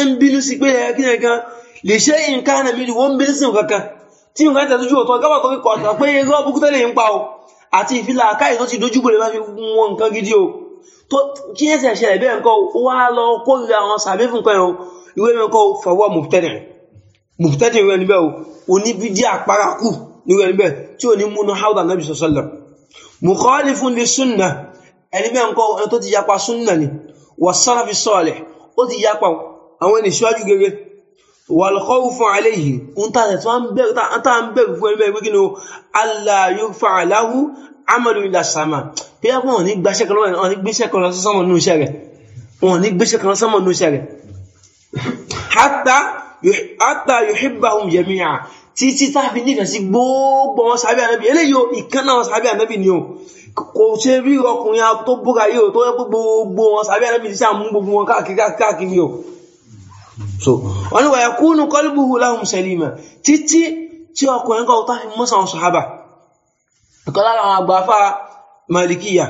ń bínú sí pé ẹ̀ka kí nìkan lè ṣe nǹkan àná mi ni wọ́n ń bínú tí nǹkan tẹ̀ sójú ọ̀tọ̀ gábà tó kíkọ̀ ọ̀tọ̀ pé irọ́ búkú tẹ́lẹ̀ ń pa o àti ìfilà káyì tó ti dojúbò lè má fi wọn nǹkan gidi o tó kí yẹn sì ṣẹlẹ̀ bẹ́ẹ̀ nǹkan ó wá lọ kórìíra àwọn sàbí fún pẹ́rọ ìwé mi nǹkan fọwọ́ mùtẹ́tẹ̀ mùtẹ́tẹ̀ ìwé níbẹ̀ o òní bídí àparakù níwé níbẹ̀ tí ò ní múnú hauda nabi sọsọlọ mukhalifun li sunna ẹni bẹ́ẹ̀ nǹkan ẹni tó ti yapa sunna ni wà salafi salih ó ti yapa àwọn والخوف عليه انت انت ان بẹ̀rù fún ẹni bẹ̀rù kínú aláyọ́fà aláhù amadu ilẹ̀ sàmà pé ẹkùn wọn ní gbáṣẹ́ kan lọ́wọ́ wọn ní gbéṣẹ́ kan lọ́sọ́ sọ́mọ̀ nínú iṣẹ́ rẹ̀ wọn ní gbéṣẹ́ kan lọ́sọ́mọ̀ nínú iṣẹ́ rẹ̀ hatta yuhibbahum jami'a títí táàbí nífẹ̀ẹ́ sí gbogbo wọn sàbí ànábì eléyìí ìkànnà wọn sàbí ànábì ni o kò ṣe rí ọkùnrin tó búra yìí o tó yẹ gbogbo wọn sàbí ànábì ti sàmú gbogbo wọn káàkiri káàkiri o so wọ́n ni wàyà kúnnù kọlùbùhù láhùn sẹlìmà títí tí ọkùnrin kọ́ tó fi mọ́sàn sọ̀hábà ọ̀kan lára àwọn àgbàfà malikiya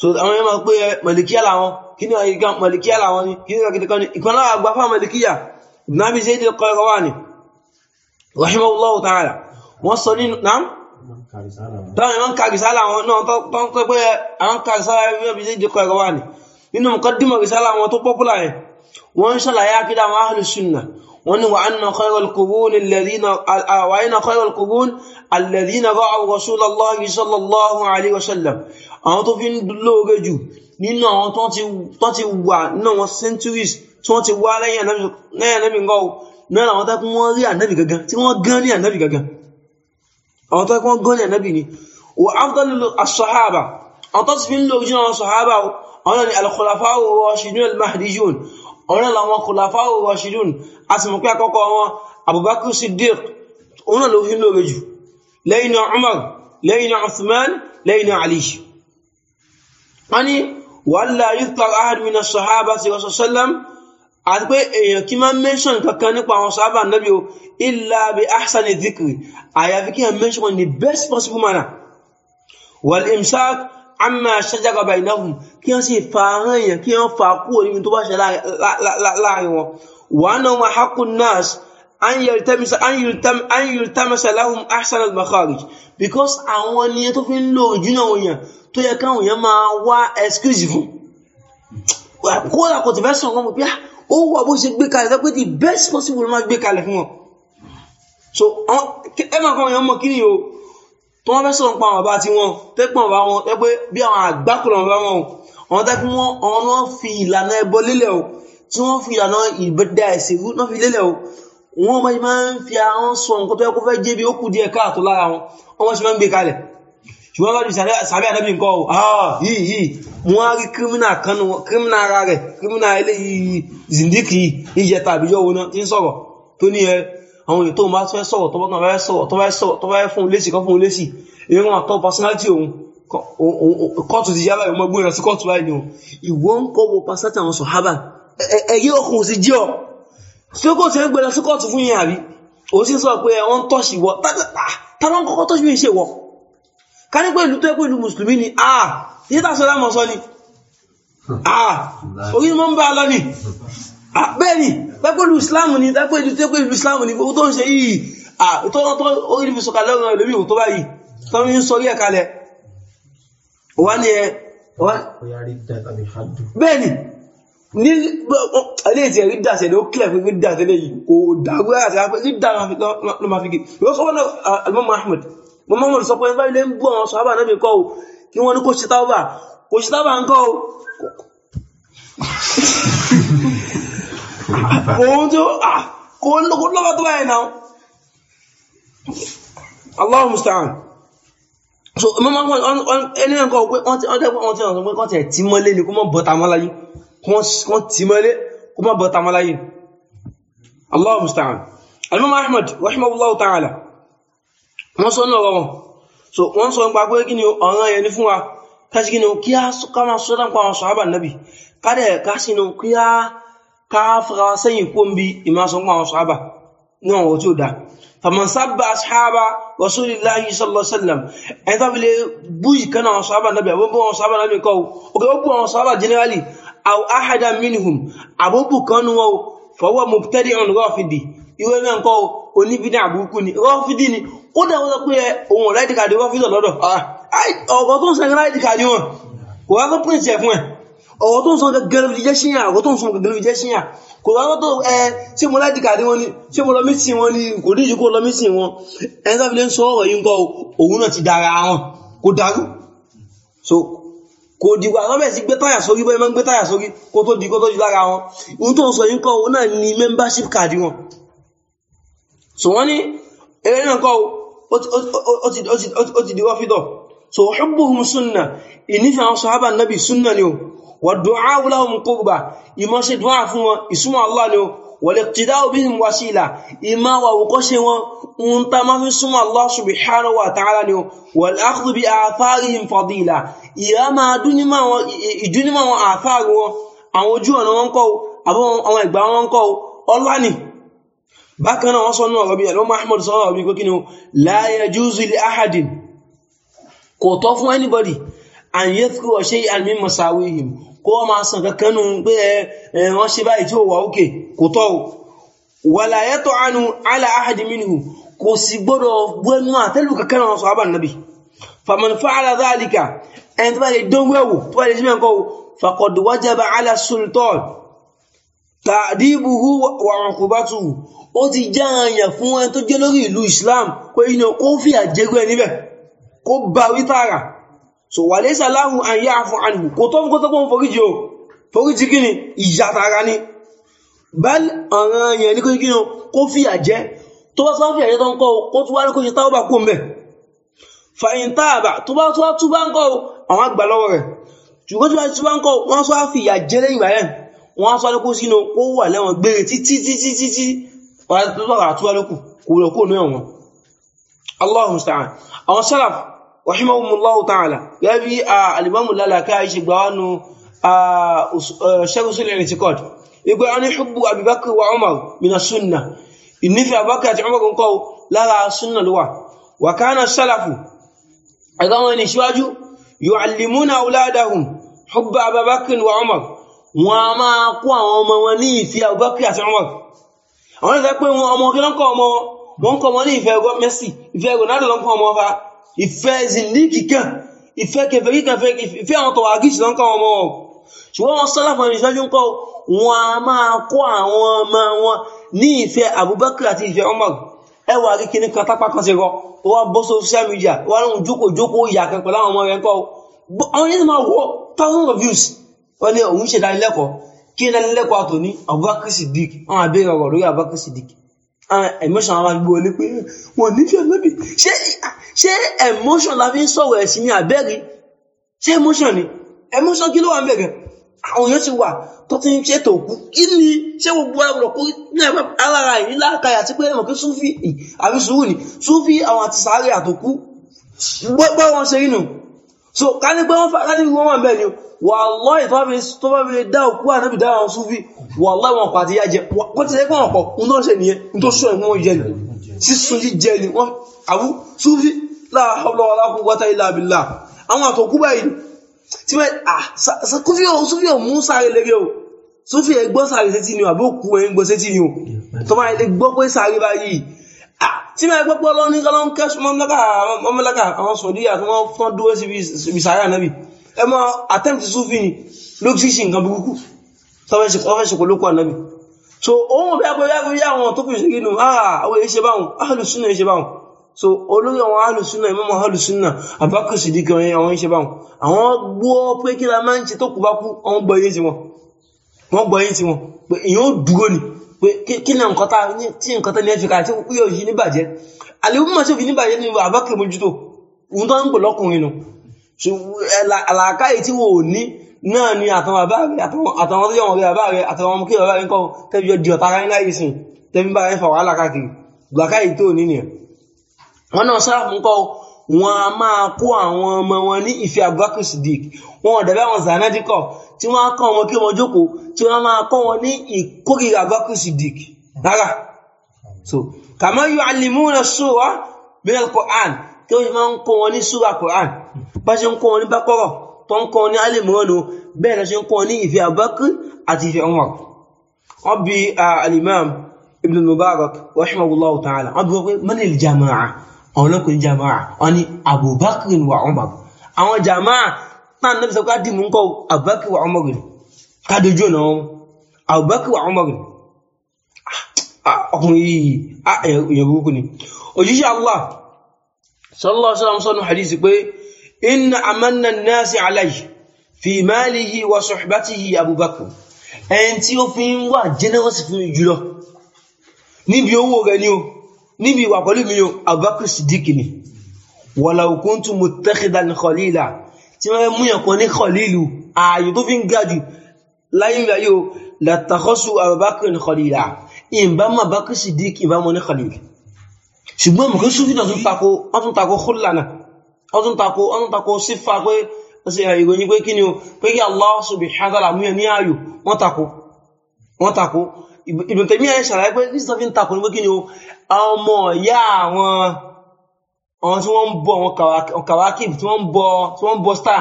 so àwọn yẹn máa pé malikiya làwọn kí ni ọ̀yìn gan malikiya làwọn ni kí ni ọ̀kìtì kan ni ìkan lára àgbàfà malikiya ibn abi zayd al-qayrawani rahimahullahu ta'ala wọ́n sọ ní nam táwọn yẹn ka risala àwọn náà tó ń pẹ́ pé àwọn ka risala ibn abi zayd al-qayrawani nínú muqaddimah risala àwọn tó pọ́pùlà wọ́n ṣàlàyé àkídà àwọn ahlu sunna wọ́n ní wàhánà kọ́rọ̀l kùbún alẹ́dínà ra'au rasulallahi sallallahu alaihi wasallam àwọn tó fi ń lóore jù nínú àwọn tó ti wà nínú àwọn centuries tó ti wá lẹ́yìn ànábì ń gọ́wọ́ náà àwọn tó kún wọ́n rí ànábì gangan tí wọ́n gan ní ànábì gangan àwọn tó kún wọ́n gan ní ànábì ni wà afdalu as-sahaba àwọn tó ti fi ń lóore jù àwọn sahaba àwọn ni al-khulafa'u rashidun al-mahdiyun ọ̀rẹ́ làwọn khulafau rashidun a sì mọ̀ pé àkọ́kọ́ wọn abubakar siddiq òun náà ló fi lóore jù lẹ́yìn náà umar lẹ́yìn náà uthman lẹ́yìn náà ali wọ́n ní wàhálà yíkọ̀ ahadumina sahaba ti rasu sallam àti pé èèyàn kí máa mẹ́ṣàn kankan nípa àwọn sahaba nabi o illa bi ahsani dhikri àyàfi kí hàn mẹ́ṣàn wọn ní best possible manner wal imsak amma shajara bainahum kí wọ́n sì fa ahọ́n èèyàn kí wọ́n fa kúrò níbi tó bá ṣe láàrin wọn. wàá náà wọn hakun nas an yultamasa lahum ahsan al-makharij because àwọn ni tó fi ń lo ojú náà wọ̀n yàn tó yẹ káwọn yẹn máa wá excuse fún. kódà kò tẹ̀fẹ́ sọ̀rọ̀ wọn pé ah, ó wà bó ṣe gbé kalẹ̀ pé the best possible máa gbé kalẹ̀ fún wọn. so ẹ máa kọ́ àwọn yẹn mọ̀ kí ni o tí wọ́n fẹ́ sọ̀rọ̀ pa àwọn bàbá tiwọn tẹ́ pọ̀ bá wọn tẹ́ pé bí àwọn àgbákùnrin bá wọn o àwọn tẹ́kí wọ́n ọ̀n wọ́n fi ìlànà ẹbọ lélẹ̀ o tí wọ́n fi ìlànà ìbẹ̀dà ẹ̀sìn rú náà fi lélẹ̀ o wọ́n máa ń fi àwọn sọ nǹkan tó yẹ kó fẹ́ jẹ́ bí ó kù díẹ̀ káàtó lára wọn wọ́n máa ṣe máa ń gbé kalẹ̀ ṣùgbọ́n bá ti sàbí àdábì nǹkan o ah, yìí yìí mo wá rí kírímìnà kanu kírímìnà ara rẹ̀ kírímìnà eléyìí zindiki ìjẹ tàbí yọ wọn ti ń sọ̀rọ̀ tó ní ẹ àwọn ètò òun bá fẹ́ sọ̀rọ̀ tó bá fẹ́ sọ̀rọ̀ tó bá fẹ́ fún un lésì kan fún un lésì èyí wọn àtọ́ personality òun kọ́ọ̀tù ti yára ìwọ̀n gbóyìn sí kọ́ọ̀tù láì ní o ìwọ́n ń kọ́ wo pàṣẹ́tì àwọn sọ̀hábà ẹ̀yẹ ọkùn sí jẹ́ ọ tí ó kò tí ó gbẹ̀rẹ̀ sí kọ́ọ̀tù fún yìí àrí ó sì sọ pé ẹ̀wọ́n ń tọ́ṣì wọ tàbí ń kọ́kọ́ tọ́ṣì ṣe wọ ká ní pé ìlú tó pé ìlú mùsùlùmí ni a yí tà sọ lámọ̀ sọ ni a orí mọ́ ń bá lọ ni bẹ́ẹ̀ ni pẹ́pẹ́ ìlú ìsìláàmù ni pẹ́pẹ́ ìlú tó pé ìlú ìsìláàmù ni tó ń ṣe yìí tó orí mi sọ̀kalẹ̀ ọ̀rọ̀ ẹ̀lómi ò tó báyìí tó ń sọ rí ẹ̀kalẹ̀ wá ní ẹ bẹ́ẹ̀ni ní ilé ìtì rí dàṣẹ̀ ló kílẹ̀ fún rí dàṣẹ̀ lè yìí kò dàgbé àti àpẹ rí dàrá ló ma fi gí yóò sọ wọ́n alimọ́mọ́ ahmed mọ́mọ́ sọ pé ẹgbẹ́ ilé ń bú àwọn sọ àbà náà bí kọ́ kí wọ́n ní kò ṣe tábà kò ṣe tábà ń kọ́ ohun tí ó ah, kò lọ́wọ́ tó báyìí so mo máa ń pọ̀ ẹni ẹ̀kọ́ pé wọ́n ti ọdẹ́ wọ́n ti ọ̀sán pé kọ́ ti ẹ̀ tí mọ́lé ni kó mọ́ bọ́ta mọ́ láyé kọ́ tí mọ́lé kó mọ́ bọ́ta mọ́ láyé Allahu musta'an alimam Ahmad rahimahullahu ta'ala wọ́n sọ náà wọ́n so wọ́n sọ nípa pé kí ni ọ̀ràn yẹn ní fún wa káṣí kí ni kí á ká máa sọ́dá nípa àwọn sọ̀hábà nàbì kádẹ̀ káṣí ni kí á ká fara sẹ́yìn kó ń bi ìmọ̀ sọ́dá nípa àwọn sọ̀hábà ní àwọn tí ó dá fàmọ̀sábà sáábà wàsúlìláyí sallọ́sallàm ẹni tó fi lè bú ìkánà àwọn sáábà náàbì àbúgbò àwọn sáábà náàbì kọ́ oké ó bú àwọn sáábà generally àwọn ahada minhum àbúgbò kan wọn fọwọ́ mubtadi on rọ́fìdì ìwé mẹ́ nǹkan oníbìdí àbúkú ni rọ́fìdì ni ó dá wọ́n pé ohun ráìdì kàdé rọ́fìdì lọ́dọ̀ ah, ọ̀rọ̀ tó ń ọ̀rọ̀ tó ń sọ gẹ́gẹ́ ló fi jẹ́ ṣíyàn ọ̀rọ̀ tó ń sọ gẹ́gẹ́ ló fi jẹ́ ṣíyàn kò rárá tó ẹ ṣé mo láti kàdé wọn ni ṣé mo lọ mí sí wọn ni kò díjú kó lọ mí sí wọn ẹni tó fi lè ń sọ ọ̀rọ̀ yìí ń kọ́ òun náà ti dára wọn kò dárú so kò dìgbà lọ́bẹ̀ sí gbé táyà sórí bẹ́ẹ̀ máa ń gbé táyà sórí kó tó di kó tó di lára wọn ohun tó ń sọ yìí ń kọ́ náà ni membership card wọn so wọ́n ní eré náà kọ́ ó ti sunna ìnífẹ̀ẹ́ àwọn sahaba nabi sunna ni o wàdùá lahum qurba ìmọ̀ ṣe dùá fún wọn ìsúnmọ́ Allah ni wal-iqtidā'u bihim wasīla ìmọ̀ wà wùkọ́ ṣe wọn ń ta máa fi súnmọ́ Allah subhanahu wa ta'ala ni wal-akhdhu bi āthārihim faḍīla ìyá máa ìdúnímọ̀ wọn àfáàrí wọn àwọn ojú ọ̀nà wọn kọ́ àwọn ìgbà wọn kọ́ ọlá ni bákan náà wọ́n sọ nínú ọ̀rọ̀ bí ẹ̀lọ́ Muhammad sọ́rọ̀ anybody an yadhkura shay'an min masāwīhim kó wọ́n máa sàn kankan nù pé ẹ wọ́n ṣe báyìí tí ó wà òkè kò tọ́ o wala yat'anu ala ahadi minhu kò sì gbọ́dọ̀ gbẹ́nu àtẹ́lù kankan náà sọ abà nàbì faman fa'ala dhalika ẹni tó bá lè dánwó ẹ̀wò tó bá lè so wà lẹ́sà láhùn àyà àfún ànìhù kò tó kó tó kó foríjì o foríjì kí ni ìyà tara ni bẹ́ẹ̀ ọ̀ràn yẹn ní kí ni kó fìyà jẹ tó bá tó fìyà jẹ tó ń kọ́ kó tó wá ní kó ṣe táwọn bá kó mbẹ̀ fàyín táàbà tó bá tó wá túbá ń kọ́ àwọn àgbà lọ́wọ́ rẹ̀ ṣùgbọ́n tó bá túbá ń kọ́ wọ́n sọ fìyà jẹ lẹ́yìn ìgbà yẹn wọ́n sọ lókù sínú kó wà lẹ́wọ̀n gbére títí títí títí ọ̀rẹ́ tó tọ́ka àtúwá lókù kò lọ kó nú ẹ̀wọ̀n Allahu musta'an àwọn sálàfù rahimahumullahu ta'ala gẹ́gẹ́ bí alimamu lalaka ṣe gbà wánu ṣẹ́gun sílẹ̀ ìtìkọ́d ìgbẹ́ wọn ni hubbu abubakar wa umar mina sunna ìnífẹ̀ abubakar àti umar kọ́ lára sunna ló wà wa kana salafu ẹ̀gbọ́n wọn ni síwájú yu'allimuna auladahum hubba abubakar wa umar wọn a máa kó àwọn ọmọ wọn ní ìfẹ́ abubakar àti umar àwọn ìfẹ́ pé wọn ọmọ kí lọ́nkọ̀ ọmọ wọn kọ̀ wọn ní ìfẹ́ Messi ìfẹ́ Ronaldo lọ́nkọ̀ ọmọ fa ìfẹ́ zindiki kan ìfẹ́ kẹfẹ́ kíkan ìfẹ́ àwọn tọ̀wà gíṣì lọ ń kọ́ ọmọ wọn ṣùgbọ́n wọn sálàfà ní ìṣájú ń kọ́ wọn a máa kọ́ àwọn ọmọ wọn ní ìfẹ́ Abubakar àti ìfẹ́ Umar ẹwà kíkiri kan tápá kan ti rọ ó wá bọ́ sọ social media wà lóhun jókòó jókòó ìyà kan pẹ̀lú àwọn ọmọ rẹ̀ ń kọ́ àwọn yẹn máa wọ thousand of views wọn ni òun ṣèdánilẹ́kọ̀ọ́ kí ní lẹ́kọ̀ọ́ àtòní Abubakar Siddiq àwọn àbẹ̀rẹ̀ ọ̀rọ̀ lórí Abubakar Siddiq emotion àwọn agbó ni pé wọn nífẹ̀ẹ́ lóbì ṣé ṣé emotion la fi ń sọ̀rọ̀ ẹ̀sìn ní àbẹ́rí ṣé emotion ni emotion kí ló wà ń bẹ̀rẹ̀ àwọn èèyàn ti wà tó ti ń ṣètò òkú kí ni ṣé gbogbo ọ̀rọ̀ kó alára yìí láàkàyà sí pé ẹ̀mọ̀ kí súfì àbí sùúrù ni súfì àwọn àti sàárè àtòkú gbọ́ wọn ṣe rí nù so ká ní pé wọ́n wà bẹ́ẹ̀ ni wàláì tó bá fi lè dá òkú ànábì dá àwọn súnfí wàláì wọn pàtí yá jẹ wọ́n ti lẹ́kọ̀ọ́ ọ̀pọ̀ ń tó ṣe nìyẹn ń tó ṣọ́ ẹ̀mú wọn jẹ ní sísun yí jẹ ní wọ́n àwú súnfí la hawla wala quwwata illa billah àwọn àtọ̀kú báyìí tí wọ́n à súnfí ọ̀ súnfí ọ̀ mú sáré léré o súnfí ẹ̀ gbọ́ sáré sétí ni o àbí òkú ẹ̀ ń gbọ́ sétí ni o tó máa lè gbọ́ pé sáré báyìí tí máa gbọ́ pé ọlọ́run ní kọ́lọ́run kẹ́sùn mọ́mọ́lẹ́kà àwọn sọ̀dí àti wọ́n dúró síbi sáré ànábì ẹ máa attempt sufi ni lókìsí nǹkan burúkú tọ́fẹ́ṣe pẹ̀lú kú ànábì so ohun bí agbóyá agbóyá àwọn tó kù ìṣègì nù ah, àwọn èyí ṣe báwọn ahàlùsúnà èyí so olórí àwọn ahàlùsúnà ìmọ̀mọ̀ ahàlùsúnà Abubakar Siddiq àwọn èyí ṣe báwọn àwọn gbọ́ la máa ń ṣe tó kù bá kú àwọn gbọ́ yé tiwọn wọ́n gbọ́ yé tiwọn ni pé kí ni nǹkan tí nǹkan tẹ́lẹ̀ fi kàtí yóò yí níbàjẹ́ àlèwọ́ mọ̀ tí ò fi níbàjẹ́ ní Abubakar mójútó àlàkáyé tí wọ́n ò ní náà ni àtàwọn bàbá rẹ̀ àtàwọn tó yọ wọn rí bàbá rẹ̀ àtàwọn ọmọ kí bàbá rẹ̀ ń kọ́ tẹ́bí jọ di ọ̀tá ara ńlá yìí sìn tẹ́bí bá rẹ̀ fà wàhálà káàkiri làkáyé tó ní nìyẹn wọn náà sáàmù kọ́ wọn a máa kó àwọn ọmọ wọn ní ìfẹ́ Abubakar Siddiq so kàmá yu'allimuna sura min al-Qur'an kí wọ́n máa ń kọ́ wọn ní sura bá ṣe ń kọ́ ní bákọ́rọ̀ tó ń kọ́ ní alìmọ́nù bẹ́ẹ̀ na ṣe ń kọ́ ní ìfẹ́ Abubakr àti ìfẹ́ Umar wọ́n bí al-Imam Ibn Mubarak rahimahullahu ta'ala wọ́n bí wọ́n pé man al-jama'a àwọn ọlọ́kùnrin jama'a wọ́n ni Abubakr wa Umar àwọn jama'a náà nàbí sọ ká dì mú ń kọ́ Abubakr wa Umar ká dojú ọ̀nà wọn Abubakr wa Umar ah, ah, ọkùnrin yìí ah, èèyàn burúkú ni òjíṣẹ́ Allah sallallahu alaihi wasallam sọ́nù hadisi pé inna amanna nasi alayhi fi malihi wa suhbatihi abubakar ẹn tí ó fi ń wà generous fún mi jùlọ níbi owó rẹ̀ ni o níbi ìwà pẹ̀lú mi o abubakar siddiq ni walau kuntu muttakhidan khalila tí wọ́n mú yàn kan ní khalilu ààyò tó fi ń ga jù láyé láyé o latakhasu abubakar ní khalila ìbámu abubakar siddiq ìbámu ní khalilu ṣùgbọ́n mọ̀kẹ́ sófin náà tún tako khulla náà ọdún tako ọdún tako sífà pé ìròyìn pé kí ni o pé kí Allah subhanahu wa ta'ala mú ẹ ní ààyò wọ́n tako wọ́n tako Ibn Taymiyyah ẹ̀ ṣàlàyé pé ìsìtọ́ fi ń tako ní pé kí ni o ọmọ ìyá àwọn àwọn tí wọ́n ń bọ àwọn kàwákìb tí wọ́n ń bọ star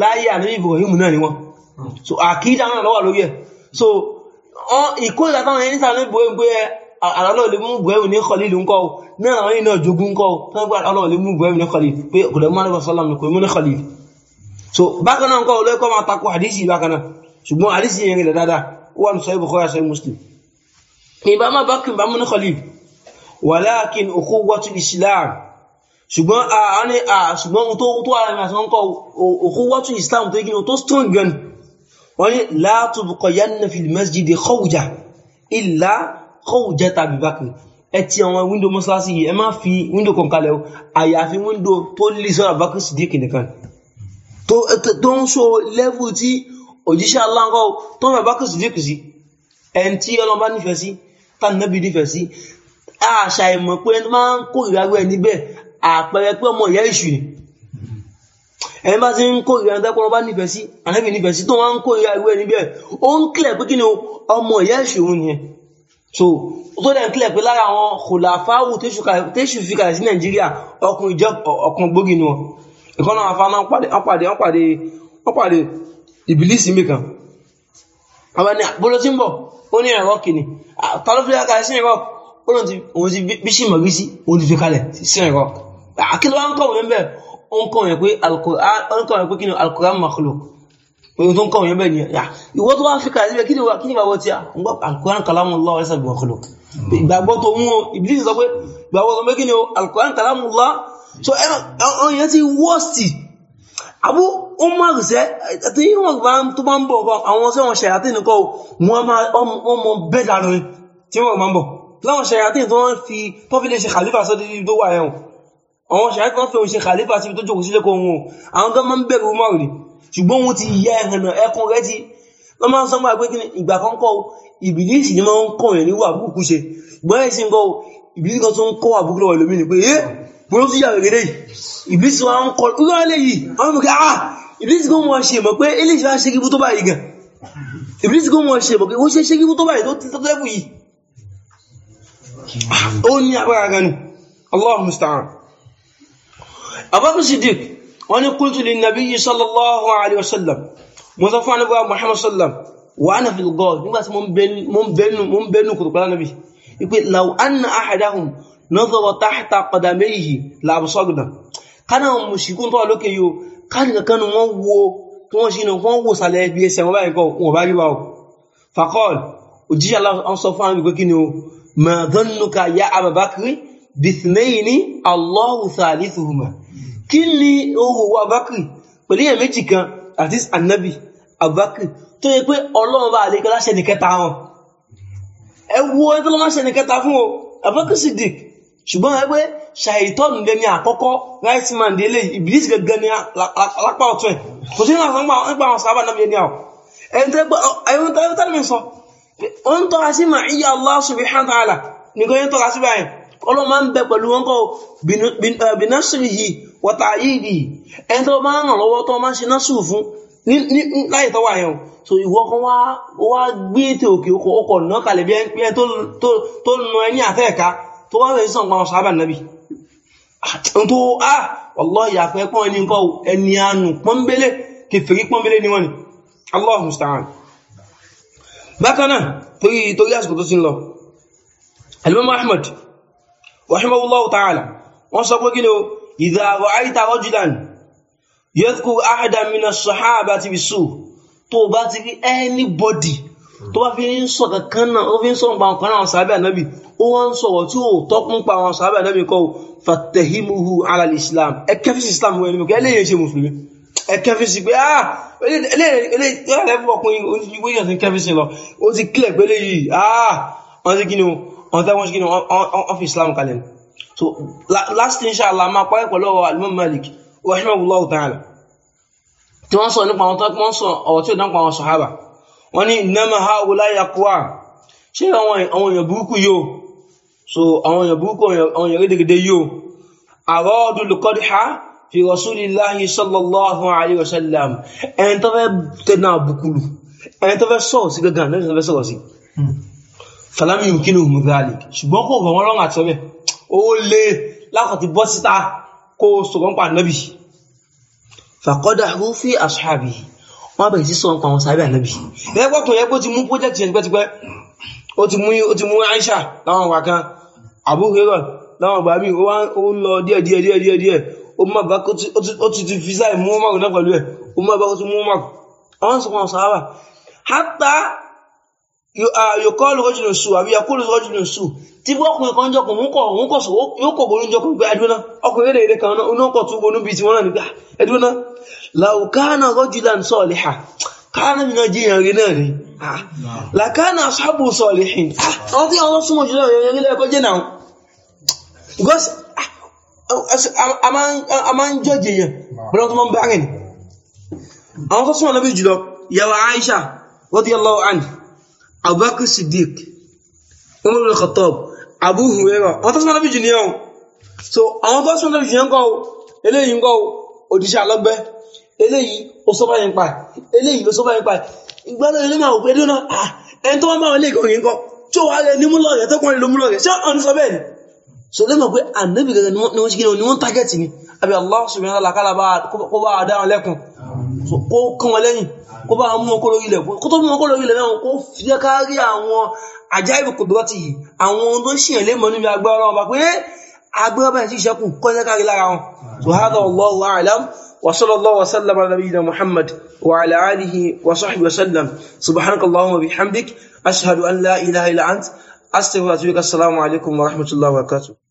láyé àníbí Ibrahim náà ni wọ́n so àkídà náà lọ́wọ́ lórí ẹ̀ so ìkórìíra táwọn ẹni sáré bọ̀ ẹ̀ àlọ́ lè mú Ibrahim ní kọlílù ńkọ́ náà àwọn iná jogun kọ́ tán gbà ọlọ́run lè mú Ibrahim ní khalil pé kùdẹ̀ mọ́ alẹ́ so bákan náà nǹkan olóòkọ́ máa takò àdísì bákan náà ṣùgbọ́n àdísì yẹn rẹ̀ dáadáa ó wà ní sọ ibùkọ́ yàṣẹ muslim ìbá má bá kí n bá mú ní khalil walakin ukhuwatu islam ṣùgbọ́n a ní a ṣùgbọ́n tó tó ara rẹ̀ àṣán kọ́ ukhuwatu islam tó kí tó strong gan wọ́n ní la tubqayanna fil masjidi khawja illa khawjata Abi Bakr ẹ ti àwọn windo mọ́sálásí yìí ẹ má fi windo kan kalẹ̀ o àyàfi windo tó lè sọ́rọ̀ Abubakar Siddiq nìkan tó ń so lẹ́fù tí òjíṣẹ́ aláǹkọ́ tó ń Abubakar Siddiq sí ẹn tí ọlọ́mbà nífẹ̀ẹ́ sí tánàbí nífẹ̀ẹ́ sí àṣà ìmọ̀ pé ẹni máa ń kó ìrarú ẹni bẹ́ẹ̀ àpẹẹrẹ pé ọmọ ìyá ìṣù ni ẹni bá ti ń kó ìrarú ẹni nífẹ̀ẹ́ sí ànábì nífẹ̀ẹ́ sí tó máa ń kó ìrarú ẹni bẹ́ẹ̀ ó ń kílẹ̀ pé kí ni ọmọ ìyá ìṣù òun nìyẹn so tó dẹ̀ ń kílẹ̀ pé lára àwọn kòláfáwù tẹ́ṣù fi kàlẹ̀ sí nàìjíríà ọkùn ìjọ ọkùn gbógi nù ìkan náà afá náà pàdé ọpàdé ọpàdé ìbílísì mi kan àwọn ni bolo tí ń bọ̀ ó ní ẹ̀rọ kìíní ah, ta ló fi kàlẹ̀ sí ẹ̀rọ ó lọ ti òun ti bí sí mọ̀rí sí òun ti fi kàlẹ̀ sí ẹ̀rọ àkílọ́ ah, wa ń kọ̀ wọ́n bẹ́ẹ̀ ó ń kọ̀ wọ́n pé alukóra ó ń kọ̀ wọ́n pé kí ni alukóra makhluq ohun tó ń kọ̀wé bẹ́ẹ̀ ni yà ìwọ tó wá fíkà síbẹ̀ kí ni wà kí ni bàbá tí a ń gbọ́ alukóran kalamu lọ ẹsẹ̀ bí wọ́n kọlọ̀ ìgbàgbọ́ tó ń wo ìbílísì sọ pé ìgbàgbọ́ tó ń bẹ́ kí ni o alukóran kalamu lọ so ẹ ọ yẹn ti wọ́ọ̀sì àbú ó máa rùsẹ́ àti yíò wọn bá tó bá ń bọ̀ ọ̀kan àwọn tí wọ́n ṣẹ̀yà tí nìkọ́ wọn mọ bẹ́ẹ̀ dànù tí wọ́n máa ń bọ̀ láwọn ṣẹ̀yà tí tó wọ́n fi pọ́fílẹ̀ ṣe khalifa sọ́dí tó wà ẹ̀hùn àwọn ṣẹ̀yà tí wọ́n fi òun ṣe khalifa síbi tó jókòó sílé kó wọn àwọn gan máa ń bẹ̀rù umaru ni ṣùgbọ́n wọ́n ti yẹ ẹ̀hànà ẹkùn rẹ̀ ti wọ́n máa ń sọ́mọ́ àgbé kíni ìgbà kan kọ́ ìbìlísì ni máa ń kọ́ yẹn níwà àbúkú ṣe ìgbọ́n ẹ̀sìn kọ́ ìbìlísì kan tó ń kọ́ àbúkú lọ́wọ́ lómi ni pé ẹ́ bọ́lọ́ sí yàrá gẹ́gẹ́ yìí ìbìlísì wa ń kọ́ irú alẹ́ yìí àwọn mọ̀kẹ́ ah ìbìlísì kan wọ́n ṣe mọ̀ pé eléyìí bá ṣe kíbu tó báyìí gan ìbìlísì kan wọ́n ṣe mọ̀ pé ó ṣe ṣe kíbu tó báyìí tó tẹ́kù yìí ó ní agbára gan ni Allah musta'an Abubakar Siddiq wọ́n ní qultu lin nabiyyi sallallahu alayhi wa sallam mo sọ fún anábíwá muhammad sallam wa ana fil ghar nígbà tí mo ń bẹnu kùrù pẹ̀lú anábí wípé law anna ahadahum nadhara tahta qadamayhi la absagna kánà mùsùlùkù tó wà lókè yóò kánìkan kan wọ́n wo tí wọ́n ṣe wọ́n wò sàlẹ̀ ibi ẹsẹ̀ wọn báyìí kọ́ wọn bá rí wa o ni o ma dhannuka ya kí ni orò wa abakiri pẹ̀lú èèyàn méjì kan àti anabi abakiri tó yẹ pé ọlọ́run bá àlékọ́ láṣẹ nìkẹta wọn ẹ wo ẹ nìkẹta fún o abakiri Siddiq ṣùgbọ́n ẹ pé ṣàìtọ́nù gẹ ni àkọ́kọ́ right man dé lè ìbílísì gẹ́gẹ́ ni alápá ọ̀tún ẹ̀ kò sí náà sọ́gbà nípa àwọn sábà náà ní àwọn ẹni tẹ́ ẹni tẹ́ tẹ́lẹ̀ mi sọ ó ń tọ́ra sí màá iya Allah subhanahu wa ta'ala nìkan yẹn tọ́ra sí báyẹn ọlọ́run máa ń bẹ pẹ̀lú wọn kọ́ bìnásùrì yìí wata yìí ẹni tó máa ń ràn lọ́wọ́ tó máa ń ṣe násùrù fún láyé tọ́wà yẹn so ìwọ kan wá gbé ètò òkè ọkọ̀ náà kalẹ̀ bí ẹni tó nà ẹni àfẹ́ẹ̀ká tó wá rẹ̀ sísan pàwọn sábà nàbì tó á wọ́lọ́ ìyàfẹ́ ẹni nǹkan ẹni إذا رأيت رجلا يذكر أحدا من الصحابة بالسوء tó bá ti rí anybody tó bá fi ń sọ kankan náà ó fi ń sọ̀rọ̀ pa àwọn kan àwọn sàábẹ̀ ànábì ó wá ń sọ̀rọ̀ tí ó tọ́kún pa àwọn sàábẹ̀ ànábì kọ́ fatahimuhu ala islam ẹkẹfí sí islam wẹ́n nígbà eléyìí ṣe mùsùlùmí ẹkẹfí sí pé ah eléyìí ọkùnrin oníṣẹ́ ti kẹfí sí lọ ó ti kílẹ̀ pé eléyìí ah wọ́n ti kí ni wọ́n fi islam kalẹ̀ ni so last inshallah máa parí pẹ̀lú ọ̀rọ̀ alimami malik rahimahullah ta'ala tí wọ́n sọ nípa àwọn tó wọ́n sọ ọ̀rọ̀ tí ó dánpa àwọn sọ̀hábà wọ́n ní nama ha wula ya kuwa ṣé àwọn èèyàn burúkú yóò so àwọn èèyàn burúkú àwọn èèyàn rédèrèdè yóò àrọ́ ọdún lùkọ́dí ha fi rasulillahi sallallahu alayhi wa sallam ẹni tó fẹ́ tẹ̀nà àbùkùlù ẹni tó fẹ́ sọ̀rọ̀ sí gangan lẹ́yìn tó fẹ́ sọ̀rọ̀ sí hmm. falami yukinu mudalik ṣùgbọ́n kò rọ̀ wọ́n lọ́rùn àti ọbẹ̀ ó lé lákọ̀tí bọ́ síta kó sọ̀rọ̀ ń pa ànábì fàkọ́dà rúfí àṣàbì wọ́n bẹ̀rẹ̀ sí sọ̀rọ̀ pa àwọn sàábì ànábì ẹgbọ́kùn yẹ kó ti mú project yẹn tipẹ́tipẹ́ ó ti mú ó ti mú Aisha láwọn wà kan Abu Hurairah láwọn gbà mí ó wá ó ń lọ díẹ̀ díẹ̀ díẹ̀ díẹ̀ díẹ̀ ó má bá ó ti ti fi sáì mú mọ́mọ́ náà pẹ̀lú ẹ̀ ó má bá ó ti mú mọ́mọ́ àwọn sọ̀rọ̀ sàábà hátà yòkọ́lù rọ́jù lòsù àbí yakúlù rọ́jù lòsù tí bí ọkùnrin kan jọkùn ń kọ̀ ń kọ̀ sọ̀wọ́ yóò kọ̀ bọ́lú jọkùn gbé adúná ọkùnrin lè rẹ̀ kan náà kọ̀ tún bọ́lú bí ti wọ́n náà nígbà adúná làwùkánà rọ́jù lan saliha kánà mi náà jíyàn rí náà ni ah, làkánà ah, ashabu salihin ah, àwọn tí wọ́n súnmọ́ jùlọ yẹn rí lẹ́ẹ̀kọ́ jẹ́ náà because a máa ń jọ́jì yẹn bọ́lá tó máa ń bá rìn àwọn tó súnmọ́ náà bí jùlọ yàwó Aisha radiyallahu anha Abubakar Siddiq Umar al-Khattab Abu Hurairah wọ́n tó sọ́nà bí jù ní ọ̀hún so àwọn tó sọ́nà bí jù ní ọ̀hún eléyìí ń kọ́ òdíṣẹ́ alọ́gbẹ́ eléyìí ó sọ́bà yẹn pa eléyìí ló sọ́bà yẹn pa ìgbàlẹ̀ ilé máa wùpẹ́ dúnà ẹni tó wá máa lè kọ́ yẹn kọ́ tí ó wà lẹ́ ní múlọ̀ rẹ̀ tẹ́kùn lè múlọ̀ rẹ̀ ṣé ọ̀n sọ bẹ́ẹ̀ ni so lẹ́mọ̀ pé ànábì gẹ́gẹ́ ni wọ́n ṣe kíni wọ́n target ni àbí Allah subhanahu wa ta'ala kó bá dáhùn lẹ́kùn kó kàn wọ́n lẹ́yìn kó bá mú ọkọ́ lórí ilẹ̀ kó tó mú ọkọ́ lórí ilẹ̀ náà kó jẹ́ ká àwọn àjá ìbùkún tó ti yìí àwọn ohun tó ṣìyàn lé mọ́ níbi agbára ọlọ́run bá pé agbára bá sì ṣẹ́kù kó jẹ́ ká lára wọn. wàhálà Allahu a'lam وصلى الله وسلم على نبينا محمد وعلى آله وصحبه وسلم سبحانك اللهم وبحمدك أشهد أن لا إله إلا أنت أستغفرك السلام عليكم ورحمة الله وبركاته